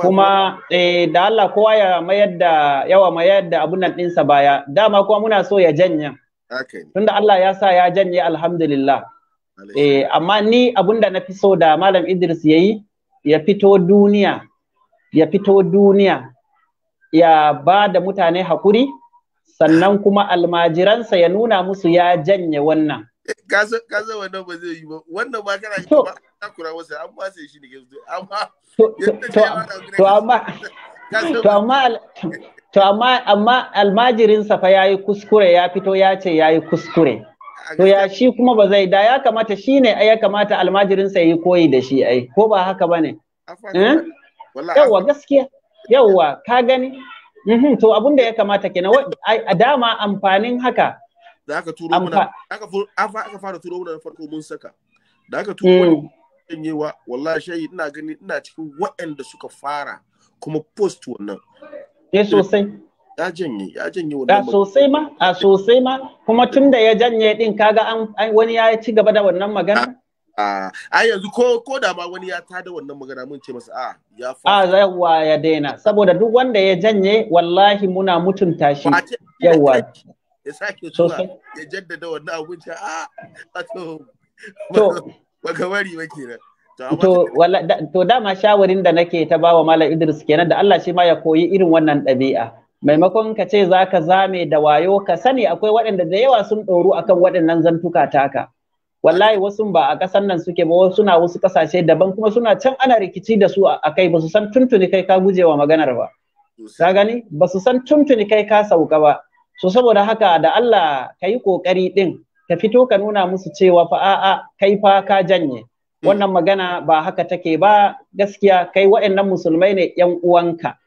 kuma eh, da Allah kowa ya mayar da yawa mayar da abun nan ɗinsa baya dama kuma muna so ya janye tunda Allah ya sa ya janye alhamdulillah eh, amma ni abun da na fi so da malam Idris yayi ya fito duniya ya fito duniya ya ba da mutane hakuri sannan kuma almajiransa ya nuna musu ya janye wannan san wannan ba zai yi ba wannan kana yi ba takura masa an ba sai shi ne amma to amma to amma to amma amma almajirin yayi kuskure ya fito ya ce yayi kuskure to ya shi kuma ba zai da ya kamata shi ne ya kamata almajirin sa yi koyi da shi ai ko ba haka bane eh? yauwa gaskiya yauwa ka gani mhm, to abin da ya kamata kenan a dama amfanin haka da aka turo mana aka fara turo mana na farko mun saka da aka turo muna mm. janyewa wallahi shayi ina gani ina cikin waɗanda suka fara kuma post wannan eh sosai ya janye ya janye wannan da sosai ma a sosai ma kuma tunda ya janye din kaga an wani ya ci gaba da wannan magana a yanzu ko ko da ma wani ya tada wannan magana mun ce masa a ya fa a yawa ya daina saboda duk wanda ya janye wallahi muna mutunta shi yawa ya sake zuwa ya jaddada wannan To, dama shawarin da nake ta bawa Malam Idris kenan da Allah shi ma ya koyi irin wannan ɗabi'a. Maimakon ka ce za ka zame da wayo ka sani akwai waɗanda da yawa sun ɗoru akan waɗannan zantuka taka. Wallahi wasu ba a kasan nan suke ba suna wasu ƙasashe daban kuma suna can ana rikici da su a kai ba san tuntuni kai ka gujewa maganar ba. Ka gani basu san tuntuni kai ka sauka ba. so saboda haka da Allah ka yi ƙoƙari ɗin ka fito ka nuna musu cewa fa a'a kai fa ka janye mm. wannan magana ba haka take ba gaskiya kai wa'annan musulmai ne yan uwanka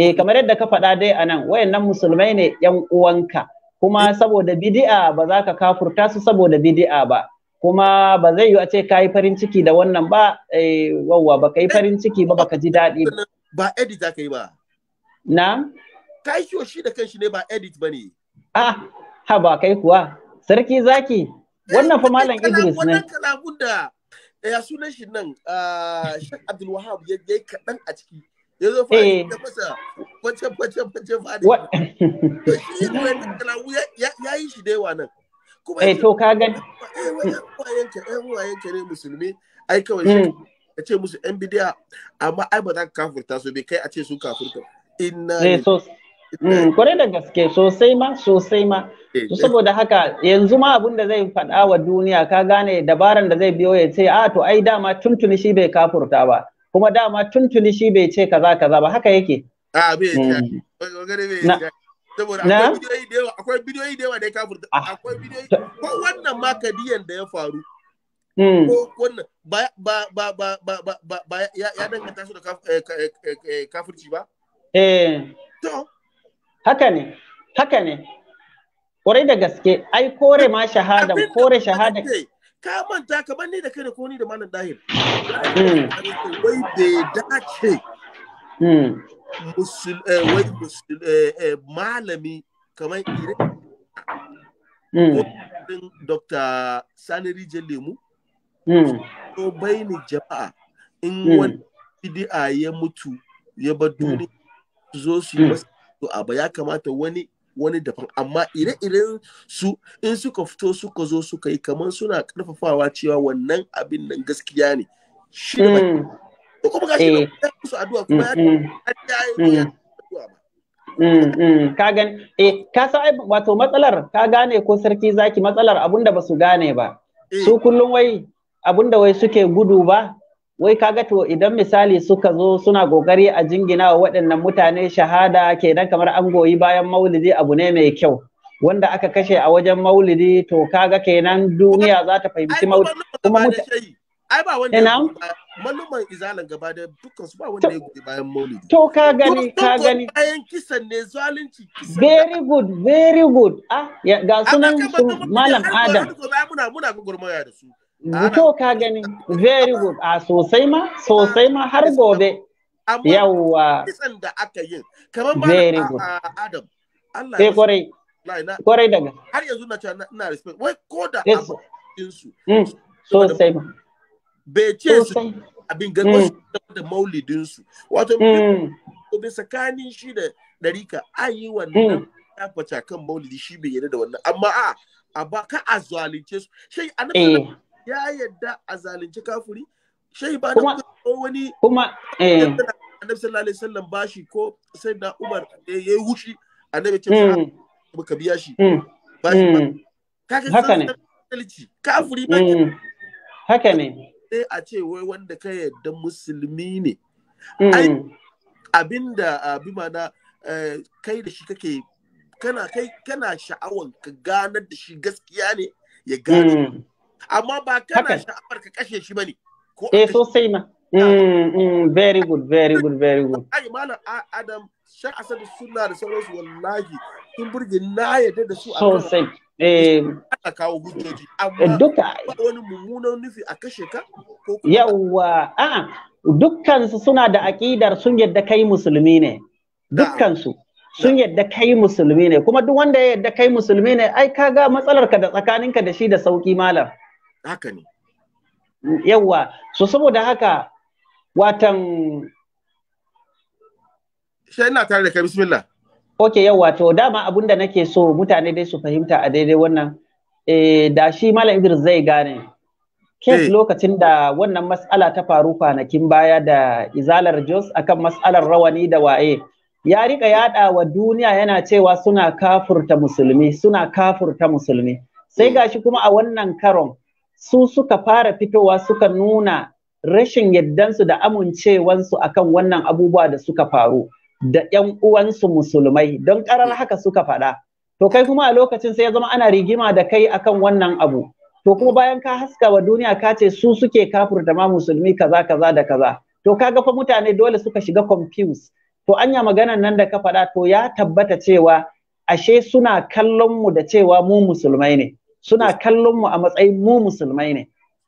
eh kamar yadda ka faɗa dai anan wa'annan musulmai ne yan uwanka kuma saboda bid'a ba za ka kafurta su saboda bid'a ba kuma ba zai yi a ce ka yi farin ciki da wannan ba eh wawwa ba ka yi farin ciki ba baka ji daɗi ba edit za ka yi ba na ka yi shi da kanshi ne ba edit ba ne Ah ha ba kai kuwa sarki zaki wannan fa malam Idris ne wannan kalamun da ya sunan shi nan ah, Abdul Wahab ya yi kaɗan a ciki ya zo fa da eh. fadi ya yi shi da yawa nan kuma eh to ka gani eh, wayanka eh, ne musulmi ai kawai shi hmm. ya ce musu yan bidiya amma ai ba za ka kafurta su bai kai a ce su kafurta inna Mm, kwarai da gaske sosai ma sosai ma eh, to eh. saboda haka yanzu ma abin da zai faɗa wa duniya ka gane dabaran da zai biyo ya ce a to ai dama tuntuni shi bai kafurta ba kuma dama tuntuni shi bai ce kaza kaza ba haka yake a bai mm. saboda akwai bidiyoyi da yawa akwai bidiyoyi da yawa da ya kafurta ah. akwai bidiyoyi ko wannan ma kadiyan da ya faru mm. ko wannan ba ba ba ba ba ba ya danganta su da eh, kafurci ba eh to haka ne haka ne kore da gaske ai kore ma shahada kore shahada ka manta kamar ni da kai da ko ni da malam dahir hmm. wai bai dace hmm. eh, wai eh, eh, malami kamar ire hmm. Dr. Sani rije Lemu, ko bai ni jama'a in wani bidi'a ya mutu ya bar duniya zo su yi masa addu'a ba ya kamata wani wani daban amma ire-iren su in suka fito suka zo suka yi kamar suna karfafawa cewa wannan abin nan gaskiya ne shi da mm. kuma ga shi da eh. su addu'a kuma ya mm. ka gani eh ka wato matsalar ka gane ko sarki zaki matsalar abinda ba su gane ba eh. su kullum wai abinda wai suke gudu ba wai kaga to idan misali suka zo suna gogari a jingina wa waɗannan mutane shahada kenan kamar an goyi bayan maulidi abu ne mai kyau wanda aka kashe a wajen maulidi to kaga kenan duniya za ta fahimci maulidi kuma mutane ai ba wanda malluman izalan gaba da dukkan su ba wanda ya gudu bayan maulidi to ka gani ka gani bayan kisan ne zalunci kisan very good very good ah ga sunan malam adam muna muna gurmaya da su Zuto ka gani, very good, a sosai ma, sosai ma har gobe. Yawwa. Kisan da aka yin, kamar ba Adam. Allah sai eh, kwarai. Kwarai daga. Har yanzu na cewa ina respect, wai ko da eh, abinsu. Mm, sosai ma. Bai ce su abin mm. su da maulidin su Wato, mm. bai tsakanin shi da ɗarika, an yi wannan ya faca kan maulidi shi bai yarda da wannan. Amma a, a ba ka a zalunce su. Shi a ya yadda a zalunci kafuri shehi ba da wani kuma eh annabi sallallahu alaihi wasallam ba shi ko sai da Umar yayi hushi annabi ce hmm. muka biya shi hmm. ba shi ba hmm. haka ne kafuri ba haka ne sai a ce wai wanda ka yadda musulmi ne abinda bi mana eh, kai da shi kake kana kai kana sha'awan ka ganar da shi gaskiya ne ya gane amma ba kana sha'awar ka kashe shi bane ko eh sosai ma mm, mm, very good very good very good ai malam adam shan asali sunna da sauransu wallahi sun burge na yadda da su a sosai eh kawo hujjoji amma eh, duka wani mummunan nufi a kashe ka yawa a ah, dukkansu suna da aƙidar sun yadda kai musulmi ne dukkansu sun yadda kai musulmi ne kuma duk wanda ya yadda kai musulmi ne ai kaga matsalar ka da tsakaninka da shi da sauki malam haka ne yawa so saboda haka watan shi ina tare da kai bismillah ok yawa to dama abunda nake so mutane dai su fahimta a daidai wannan e, da shi malam idris zai gane kes eh. lokacin da wannan mas'ala ta faru kwanakin baya da izalar jos akan mas'alar rawani da waye ya rika yada wa duniya yana cewa suna kafurta musulmi suna kafurta musulmi sai mm. gashi kuma a wannan karon su suka fara fitowa suka nuna rashin yardansu da amincewansu akan wannan abubuwa da suka faru da ‘yan uwansu musulmai don ƙarar haka suka faɗa. To kai kuma a lokacin sai ya zama ana rigima da kai akan wannan abu. To kuma bayan ka haska wa duniya ka ce su suke kafurta ma musulmi kaza kaza da kaza. To kaga fa mutane dole suka shiga confuse. To anya maganan nan da ka faɗa to ya tabbata cewa ashe suna kallon mu da cewa mu musulmai ne. suna kallon mu a matsayin mu musulmai ne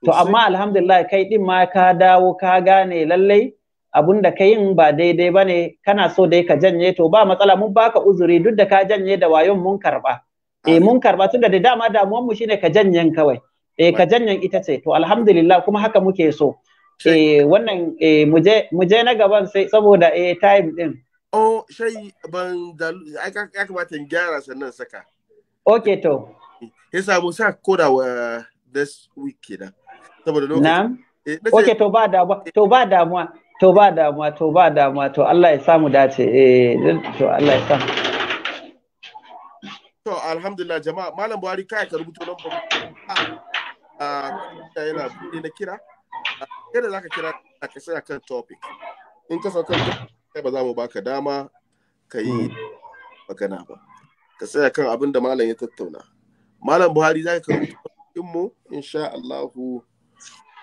to amma alhamdulillah kai din ma ka dawo ka gane lallai abun da ka yin ba daidai ba ne kana so dai ka janye to ba matsala mun baka uzuri duk da ka janye da wayon mun karba eh mun karba tunda da dama damuwan mu shine ka janyen kawai eh ka janyen ita ce to alhamdulillah kuma haka muke so eh wannan eh muje muje na gaban sai saboda eh time din oh shai ban ya kamata in gyara sannan saka okay to yasa samu sa koda wa this week kenan saboda lokacin eh, okay to ba damuwa to ba damuwa to ba damuwa to ba mu to Allah ya samu dace eh to Allah ya samu to alhamdulillah jama'a malam Buhari kai ka rubuto nan a ah, ah, yana buɗe na kira ah, kada zaka kira a kai sai kan topic in ka sauka kai ba za mu baka dama ka yi hmm. magana ba ka tsaya kan abin da malam ya tattauna malam buhari za ka karuta mu insha Allah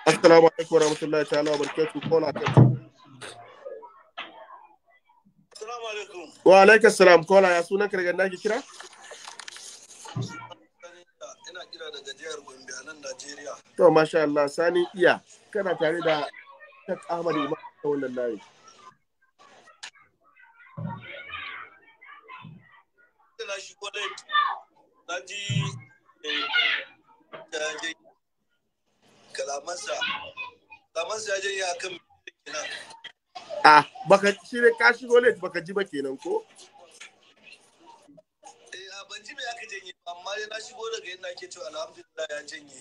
assalamu alaikum warahmatullahi ta'ala wabarakatuh na kan Assalamu alaikum. Wa alaikum salam kola ya sunan ka daga naki kira? Ina kira daga jihar Gombe a nan Najeriya. To masha Allah sani iya kana tare da Sheikh Ahmad Imam ta wannan layi. Na ji kalamansa kalamansa ya janye akan kenan A baka shi ne ka shigo late baka ji ba kenan ko eh ban ji me aka janye amma na shigo daga yadda ke cewa alhamdulillah ya janye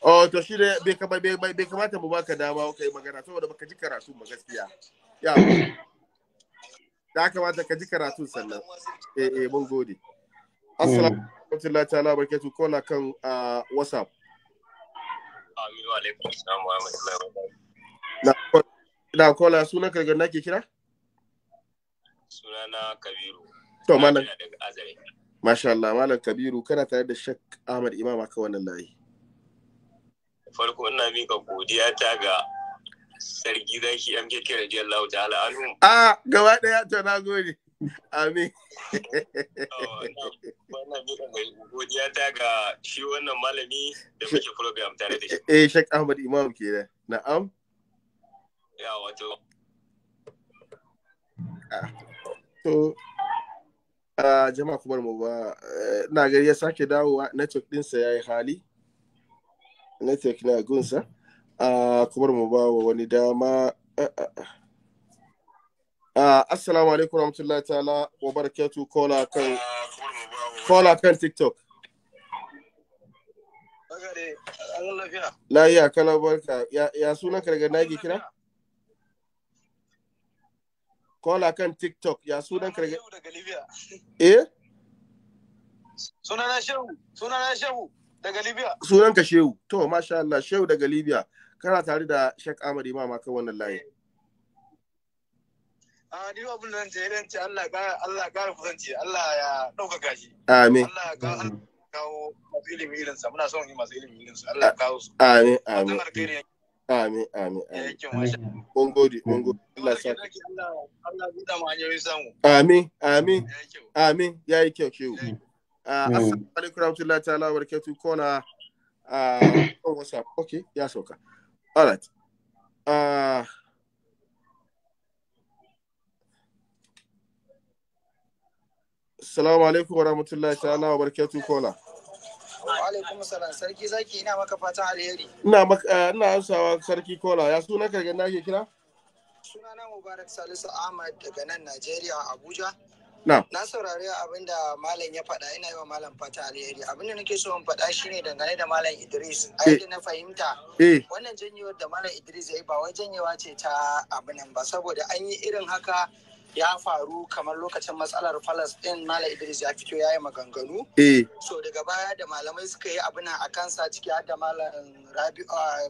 Oh, to shi ne bai kama bai bai kamata mu baka dama kai magana saboda baka ji karatu ma gaskiya. Ya. Da kamata ka ji karatu sannan. Eh eh mun gode. Assalamu mm. alaikum wa ta'ala barkatu ko na kan uh, WhatsApp. Amin wa alaikum assalam wa rahmatullahi wa barakatuh. Na kola uh, sunan ka daga nake kira? Sunana Kabiru. To malam. Masha Allah malam Kabiru kana tare da Shek Ahmad Imam aka wannan layi. Farko ina mika godiya ta ga sarki zaki MKK radiyallahu ta'ala anhu. Ah gaba daya to na gode. Amin. Wannan godiya ta ga shi wannan malami da muke program tare da shi. Eh, eh Sheikh Ahmad Imam ke da. Na'am? Ya wato. To, ah, ah, jama'a kuma mu ba, eh, na gari ya sake dawowa network ɗinsa ya yi hali. Network na gunsa. Ah, kuma mu ba wani dama. Uh, assalamu alaikum warahmatullahi ta'ala wa barakatu kola kan kola kan TikTok. Lafiya kala barka ya, ya sunan daga yake kira? Kola kan TikTok ya sunan daga Eh? Sunana Shehu, sunana Shehu daga Libya. Sunan ka Shehu. To masha Allah Shehu daga Libya. Kana tare da Sheikh Ahmad ma akan wannan layi. a ni abin da ce zan ce Allah Allah kusanci Allah ya ɗaukaka shi amin Allah ya kawo masu irin sa muna son yi masu irin sa Allah ya kawo su amin amin amin amin amin mun gode mun gode Allah Allah ya mu hanyoyin samu amin amin amin yayi kyau shehu ah, assalamu alaikum warahmatullahi ta'ala kona a ah, oh, Okay, yeah, All right. Uh, Assalamu alaikum wa rahmatullahi ta'ala wa barakatuh kola. Wa alaikum salam sarki zaki ina maka fatan alheri. Ina maka eh, ina amsawa sarki kola ya suna ka ga nake kira? Sunana Mubarak Salisu Ahmad daga nan Najeriya Abuja. Na saurari abin da malam ya faɗa ina yi wa malam fata alheri abin da nake so in faɗa shine dangane da malam Idris eh. Ai da na fahimta eh. wannan janyewar da malam Idris ya yi ba wai janyewa ce ta abin nan ba saboda an yi irin haka ya faru kamar lokacin matsalar falas din mala idris ya fito ya yi maganganu eh. so daga baya da malamai suka yi abuna a kansa ciki har da malam ah,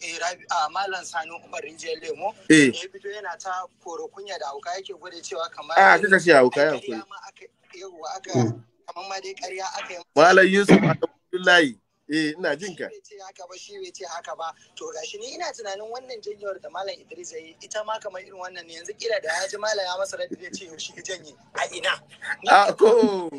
eh, ah, sani umar rijiyar lemo eh. ya fito yana ta koro kunya da auka yake gwada cewa kamar ah, a ta tashi auka ya hauka yau aka hmm. kamar ma dai ƙarya aka yi malam yusuf abdullahi eh ina jin ka Shi ce haka ba shi bai ce haka ba to gashi ni ina tunanin wannan janyewar da malam Idris yayi ita ma kamar irin wannan ne yanzu kila da ya malam ya masa raddi zai ce shi ya janye a ina a ah, ko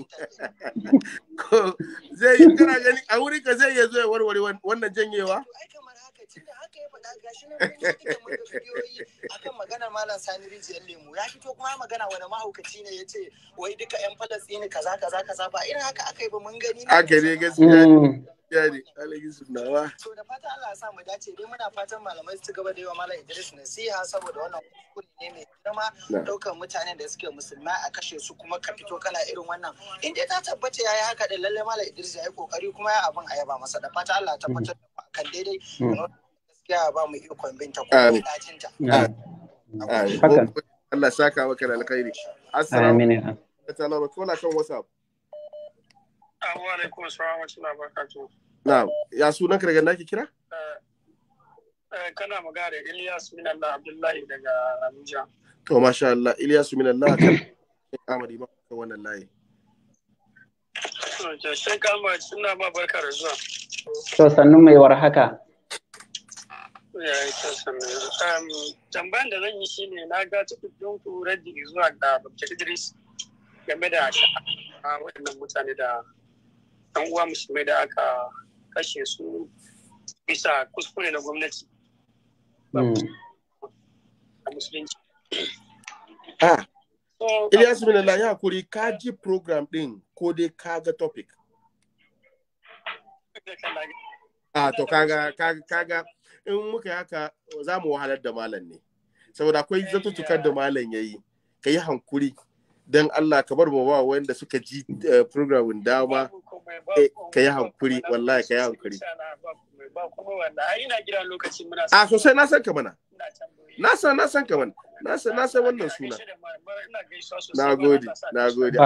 ko zai kana gani a wuri ka zai yazo ya warware wannan janyewa ai kamar tunda haka ya faɗa gashi nan da mun akan maganar malam Sani Rijiyar Lemu ya fito kuma magana wani mahaukaci ne ya ce wai duka yan Falastini kaza kaza kaza ba irin haka aka yi ba mun gani Aka ne gaskiya mm. yari alaƙi sunawa. To da fatan Allah sa mu dace dai muna fatan malamai su gaba da yawa malam Idris nasiha saboda wannan kuskure ne mai girma ɗaukar mutanen da suke musulma a kashe su kuma ka fito kana irin wannan. In dai ta tabbata yayi haka da lalle malam Idris ya yi kokari kuma ya abin ayaba masa da fatan Allah ya tabbatar da kan daidai hmm. gaskiya ba mu ikon binta ko dacinta hakan Allah saka maka da alkhairi assalamu alaikum assalamu alaikum kan whatsapp assalamu alaikum assalamu alaikum barakatuh na'am ya sunan ka daga nake kira eh, eh, kana Abdullahi daga Abuja to masha Allah Ilyas kan ba wannan layi suna ma barka da zuwa. To sannu mai war haka. Tambayan da zan yi shi ne na ga cikin ku zuwa ga Dr. Idris game da a waɗannan mutane da ɗan uwa musulmai da aka kashe su bisa kuskure na gwamnati. Hmm. A musulunci. Ah, Ilyasu Minallah ya kuri ka ji program ɗin ko dai ka ga topic. a ah, to kaga kaga kaga in muka haka za mu wahalar da malam ne saboda akwai zatuttukar da malam yayi yi ka yi hankuri don Allah ka bar wa wanda suka ji eh, programin dama eh, ka yi hankuri wallahi ka yi hankuri a ah, sosai na san ka mana na san na san ka mana na san na san wannan suna na gode na gode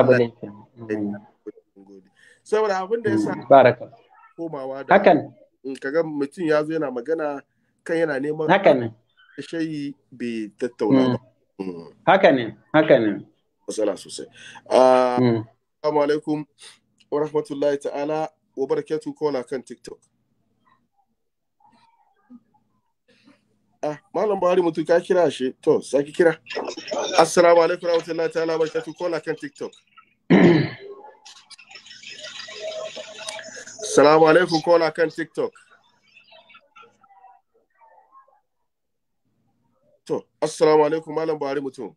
saboda abin da ya sa baraka komawa da hakan kaga mutum ya zo yana magana kan yana neman hakan ne shayi bai tattauna ba hmm. haka ne haka ne matsala sosai ah, hmm. assalamu alaikum wa rahmatullahi ta'ala wa barakatu kola kan tiktok ah malam buhari mutum ka kira shi to saki kira assalamu alaikum wa rahmatullahi ta'ala wa barakatu kola kan tiktok Salamu alaikum na kan TikTok. To, assalamu alaikum malam Buhari mutum.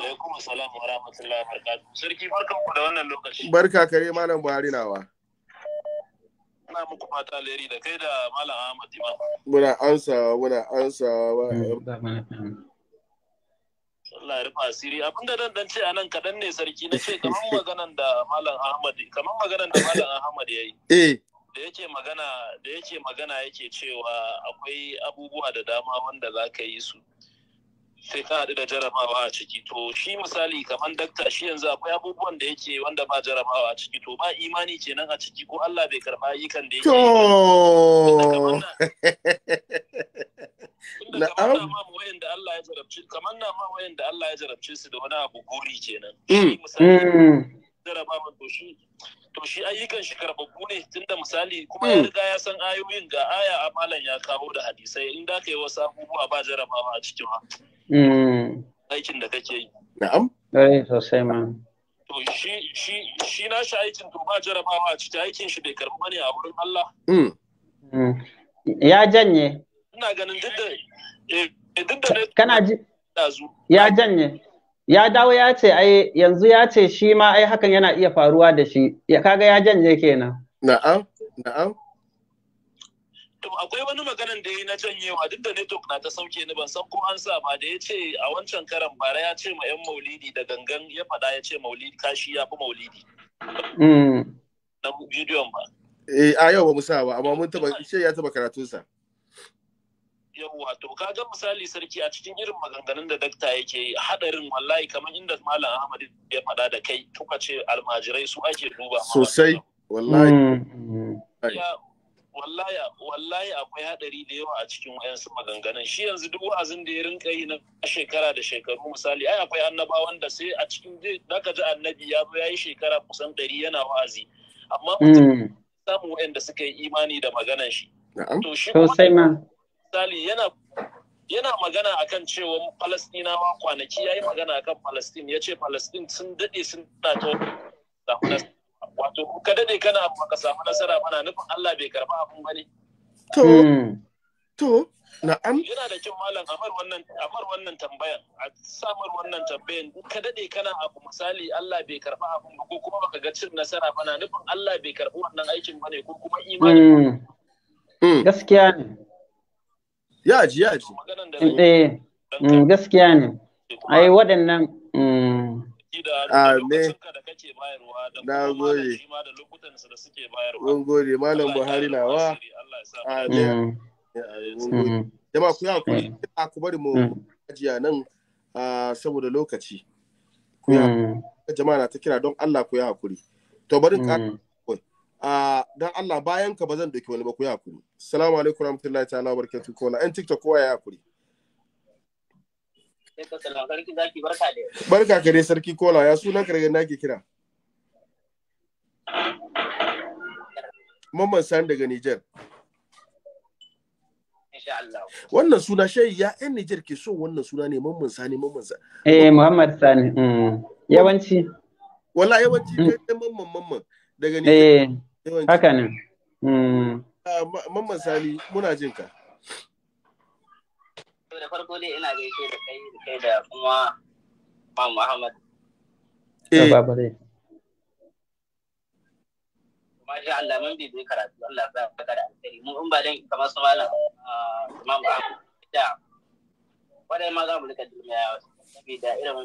Alaikum assalamu wa rahmatullahi wa Sarki barka ku da wannan lokaci. Barka kare malam Buhari nawa. Ina muku fata alheri da kai da malam Ahmad Imam. Muna ansa, muna ansa. Allah asiri abin da dan ce anan kaɗan ne sarki na ce kamar maganan da Malam Ahmad kamar maganan da Malam Ahmad ya yi. Eh. da yake magana da yake magana yake cewa akwai abubuwa da dama wanda za ka yi su sai ka haɗu da jarabawa a ciki to shi misali kamar dakta shi yanzu akwai abubuwan da yake wanda ba jarabawa a ciki to ba imani kenan a ciki ko Allah bai karɓa ayyukan da yake Inda kamar na ma wayanda Allah ya jarabce kamar na ma wayanda Allah ya jarabce su da wani abu gori kenan. Mm. Misali mm. jarabawan to shi to shi ayyukan shi karbabbu ne tunda misali kuma ya mm. riga ya san ayoyin ga aya a malam ya kawo da hadisai in da kai wasu abubuwa ba jarabawa a cikin aikin da kake yi. Na'am. Eh sosai ma. To shi shi shi na shi aikin to ba jarabawa a cikin aikin shi bai karbu bane a wurin Allah. Ya janye. ina ganin duk da eh, eh, duk da kana ji ya janye ya dawo ya ce ai yanzu ya ce shi ma ai hakan yana iya faruwa da shi ya kaga ya janye kenan na'am na'am to akwai wani maganan da yi na janyewa duk da network na ta sauke ni ban san ko an sa ba da ya ce a wancan karan bara ya ce ma 'yan maulidi da gangan ya faɗa ya ce maulidi kashi ya fi maulidi mm. na bidiyon ba eh a yau ba mu sa ba amma mun taba ya taba karatunsa yawwa to kaga misali sarki a cikin irin maganganun da dakta yake hadarin wallahi kamar inda malam ahmad ya faɗa da kai kuka ce almajirai su ake duba sosai mm, mm. wallahi wallahi akwai hadari da yawa a cikin wayansu maganganun shi yanzu duk wa'azin da ya rinka yi na shekara da shekaru misali ai akwai annabawan wanda sai a cikin zaka ji annabi ya zo yayi shekara kusan ɗari yana wa'azi amma mutum mm. samu wayanda suka yi imani da maganan shi to shi misali yana yana magana akan cewa Falastinawa kwanaki ya yi magana akan Falastin ya ce Falastin sun daɗe sun na ta wato ka daɗe kana abu ka samu nasara bana nufin Allah bai karba abin ba ne. To, hmm. to, na'am. Yana da kyau malam amar wannan amar wannan tambayan a samar wannan tambayan ka daɗe kana abu misali Allah bai karba abin ba ko kuma baka ga cin nasara bana nufin Allah bai karba wannan aikin ba ne ko kuma imani. Hmm. Hmm. Gaskiya ne. ya ji ya ji eh mm, gaskiya ne ai waɗannan mm, Ame. Na gode. Mun gode Malam Buhari nawa. Amin. Mm. Jama ku ya kuri a ku bari mu ajiya nan ah, saboda lokaci. Jama'a na ta kira don Allah ku ya hakuri. To bari ka dan Allah bayan ka ba zan dauki wani ba ku yakuri assalamu alaikum warahmatullahi ta'ala wabarakatuh kola Ƴan tiktok kowa ya yakuri barka ka dai sarki kola ya sunan ka daga ke kira Mamman Sani daga Nijar. Wannan suna shayi ya ‘yan Nijar ke so wannan suna ne Mamman Sani Mamman Sani. Eh Muhammad Sani mm. yawanci. Wala yawanci kai mm. Mamman Mamman daga Nijar. Eh. haka ne hmm. ah, mamman sani muna jin ka da farko dai ina gaishe da kai da kai da kuma Imam Muhammad eh. Masha Allah mun bi bai karatu Allah ya ba da alheri mun in ba dan kamar su malam ah, Imam Muhammad da wadai ma za mu rika duniya saboda irin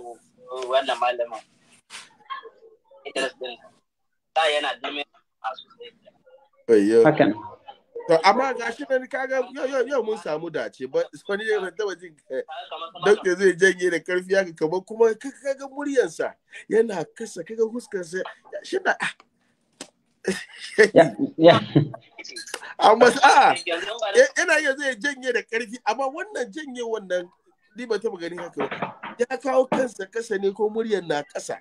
wannan malamin Idris din ta yana duniya Hakan. To amma ga shi nan kaga yau mun samu dace ba wani yau ban taba jin eh, dokta zai janye da karfi haka kamar kuma kaga muryansa yana kasa kaga huskarsa shi na ah. amma a ah, eh, ina yau zai janye da karfi amma wannan janye wannan ni ba taba gani haka ya kawo kansa kasa ne ko muryan na kasa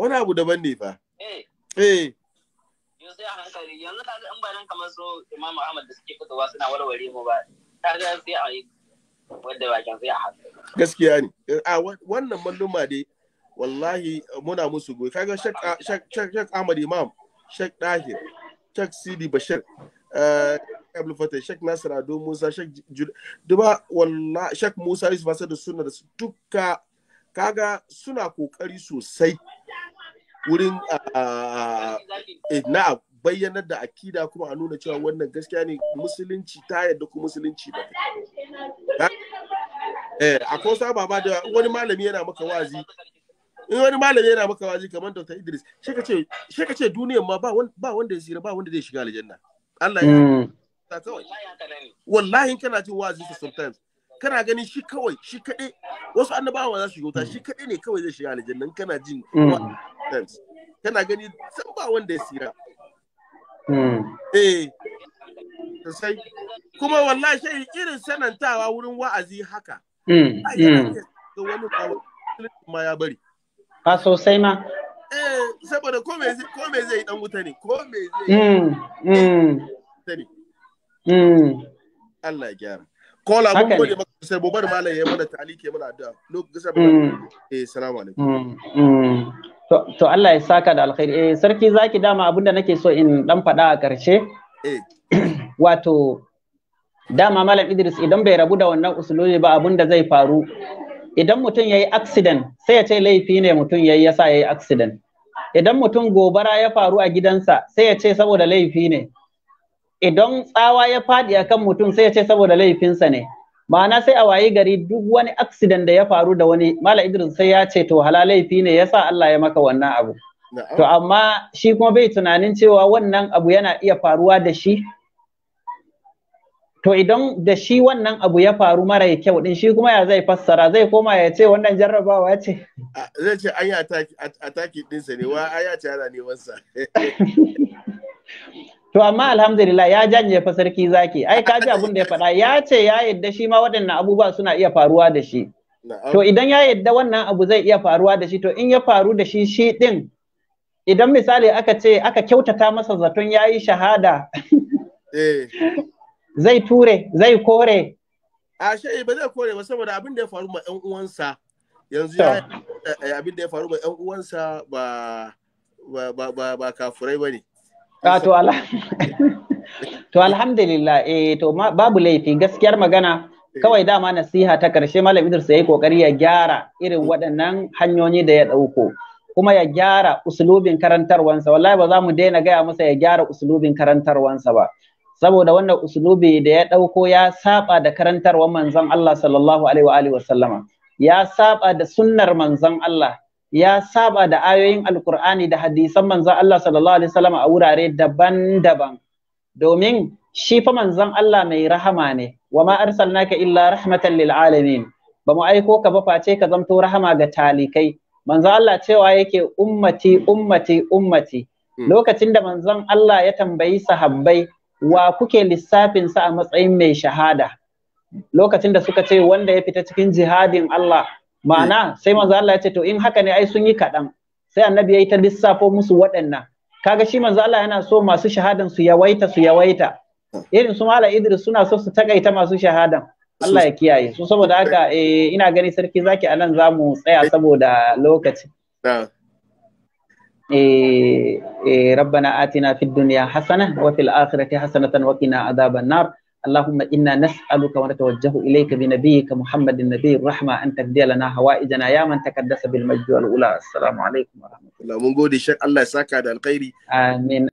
wani abu daban ne fa eh, eh. biyu sai a hankali yanzu ka in ba nan kamar su Imam Muhammad da suke fitowa suna warware mu ba ka ga sai a yi wanda kan sai a hankali gaskiya ne a wannan malluma dai wallahi muna musu goyi kaga shak Ahmad Imam shak Dahir shak Sidi Bashir eh, Abdul Fatah shak Nasir Ado Musa shak duba wallahi shak Musa Yusuf Asad da sunna da su duka kaga suna kokari sosai wurin eh, na bayyanar da akida kuma a nuna cewa wannan gaskiya ne musulunci ta yadda ku musulunci ba a eh, akwai saba ba da wani malami yana maka wazi in wani malami yana maka wazi kamar Dr. Idris shi ka ce duniyan duniyar ma ba wanda ya tsira ba wanda zai shiga aljanna Allah ya hmm. ta kawai wallahi kana jin wazi sometimes kana ganin shi kawai shi kaɗai wasu annabawa za su yi wuta shi kaɗai ne kawai zai shiga aljanna kana jin times kana gani san ba wanda ya tsira. Hmm. eh sosai kuma wallahi shi irin sanantawa wurin wa'azi haka hmm, hmm. ga wani ma ya bari a sosai ma eh saboda ko me ko me zai dan wuta ne ko me zai mm Allah ya gyara kola mun gode maka sai bubar malam ya mana taliki ya mana addu'a lokacin eh salamu alaikum To Allah ya saka da alkhairi. Eh, sarki zaki dama abinda nake so in dan faɗa a ƙarshe. Eh. Wato dama Malam Idris idan bai rabu da wannan usuloli ba abinda zai faru. Idan mutum yayi accident sai ya ce laifi ne mutum yayi yasa yayi accident. Idan mutum gobara ya faru a gidansa sai ya ce saboda laifi ne. Idan tsawa ya faɗi a kan mutum sai ya ce saboda laifinsa ne. ma'ana sai a waye gari duk wani accident da ya faru da wani mala idris sai ya ce to fi ne yasa Allah ya maka wannan abu to amma shi kuma bai tunanin cewa wannan abu yana iya faruwa da shi to idan da shi wannan abu ya faru mara kyau din shi kuma ya zai fassara zai koma ya ce wannan jarrabawa ce zai ce an yi ataki dinsa ne wa an yi ne wansa To amma alhamdulillah ya janye fa sarki zaki. Ai ka ji abin da ya faɗa ya ce ya yadda shi ma waɗannan abubuwa suna iya faruwa da shi. To idan ya yadda wannan abu zai iya faruwa da shi to in ya faru da shi shi ɗin idan misali aka ce aka kyautata masa zaton ya yi shahada eh. zai ture zai kore. A sha'i eh, ba zai kore ba saboda abin da ya faru ma 'yan uwansa yanzu ya eh, abin da ya faru ma 'yan uwansa ba ba ba ba kafurai ba ne. Ah, to to alhamdulillah eh to babu laifi gaskiyar magana eh. kawai dama nasiha ta karshe malam Idris yayi kokari ya gyara irin waɗannan hanyoyi da ya ɗauko kuma ya gyara usulubin karantarwansa wallahi ba za mu daina gaya masa ya gyara usulubin karantarwansa ba saboda wannan uslubi da ya ɗauko ya saba da karantarwar manzon Allah sallallahu alaihi wa alihi ya saba da sunnar manzon Allah ya saba da ayoyin alkur'ani da hadisan manzan Allah sallallahu alaihi wasallam a wurare daban-daban domin shi fa manzan Allah mai rahama ne wa ma arsalnaka illa rahmatan lil alamin ba mu aiko ka ba face ka zamto rahama ga talikai Manzan Allah cewa yake ummati ummati ummati hmm. lokacin da manzan Allah ya tambayi sahabbai wa kuke lissafin sa a matsayin mai shahada lokacin da suka ce wanda ya fita cikin jihadin Allah ma'ana eh. sai manzo Allah ya ce to in haka ne ai sun yi kaɗan sai annabi ya yi ta lissafo musu waɗannan kaga shi manzo Allah yana so masu shahadan su yawaita su yawaita irin su mala Idris suna so su takaita masu shahadan Allah ya kiyaye su saboda haka eh, ina gani sarki zaki a nan zamu tsaya saboda lokaci eh, eh, rabbana atina fid dunya hasana wa fil akhirati hasanatan wa qina adhaban nar اللهم إنا نسألك ونتوجه إليك بنبيك محمد النبي الرحمة أن تبدي لنا حوائجنا يا من تقدس بالمجد والأولى السلام عليكم ورحمة الله من قولي شك الله يساك على الخير آمين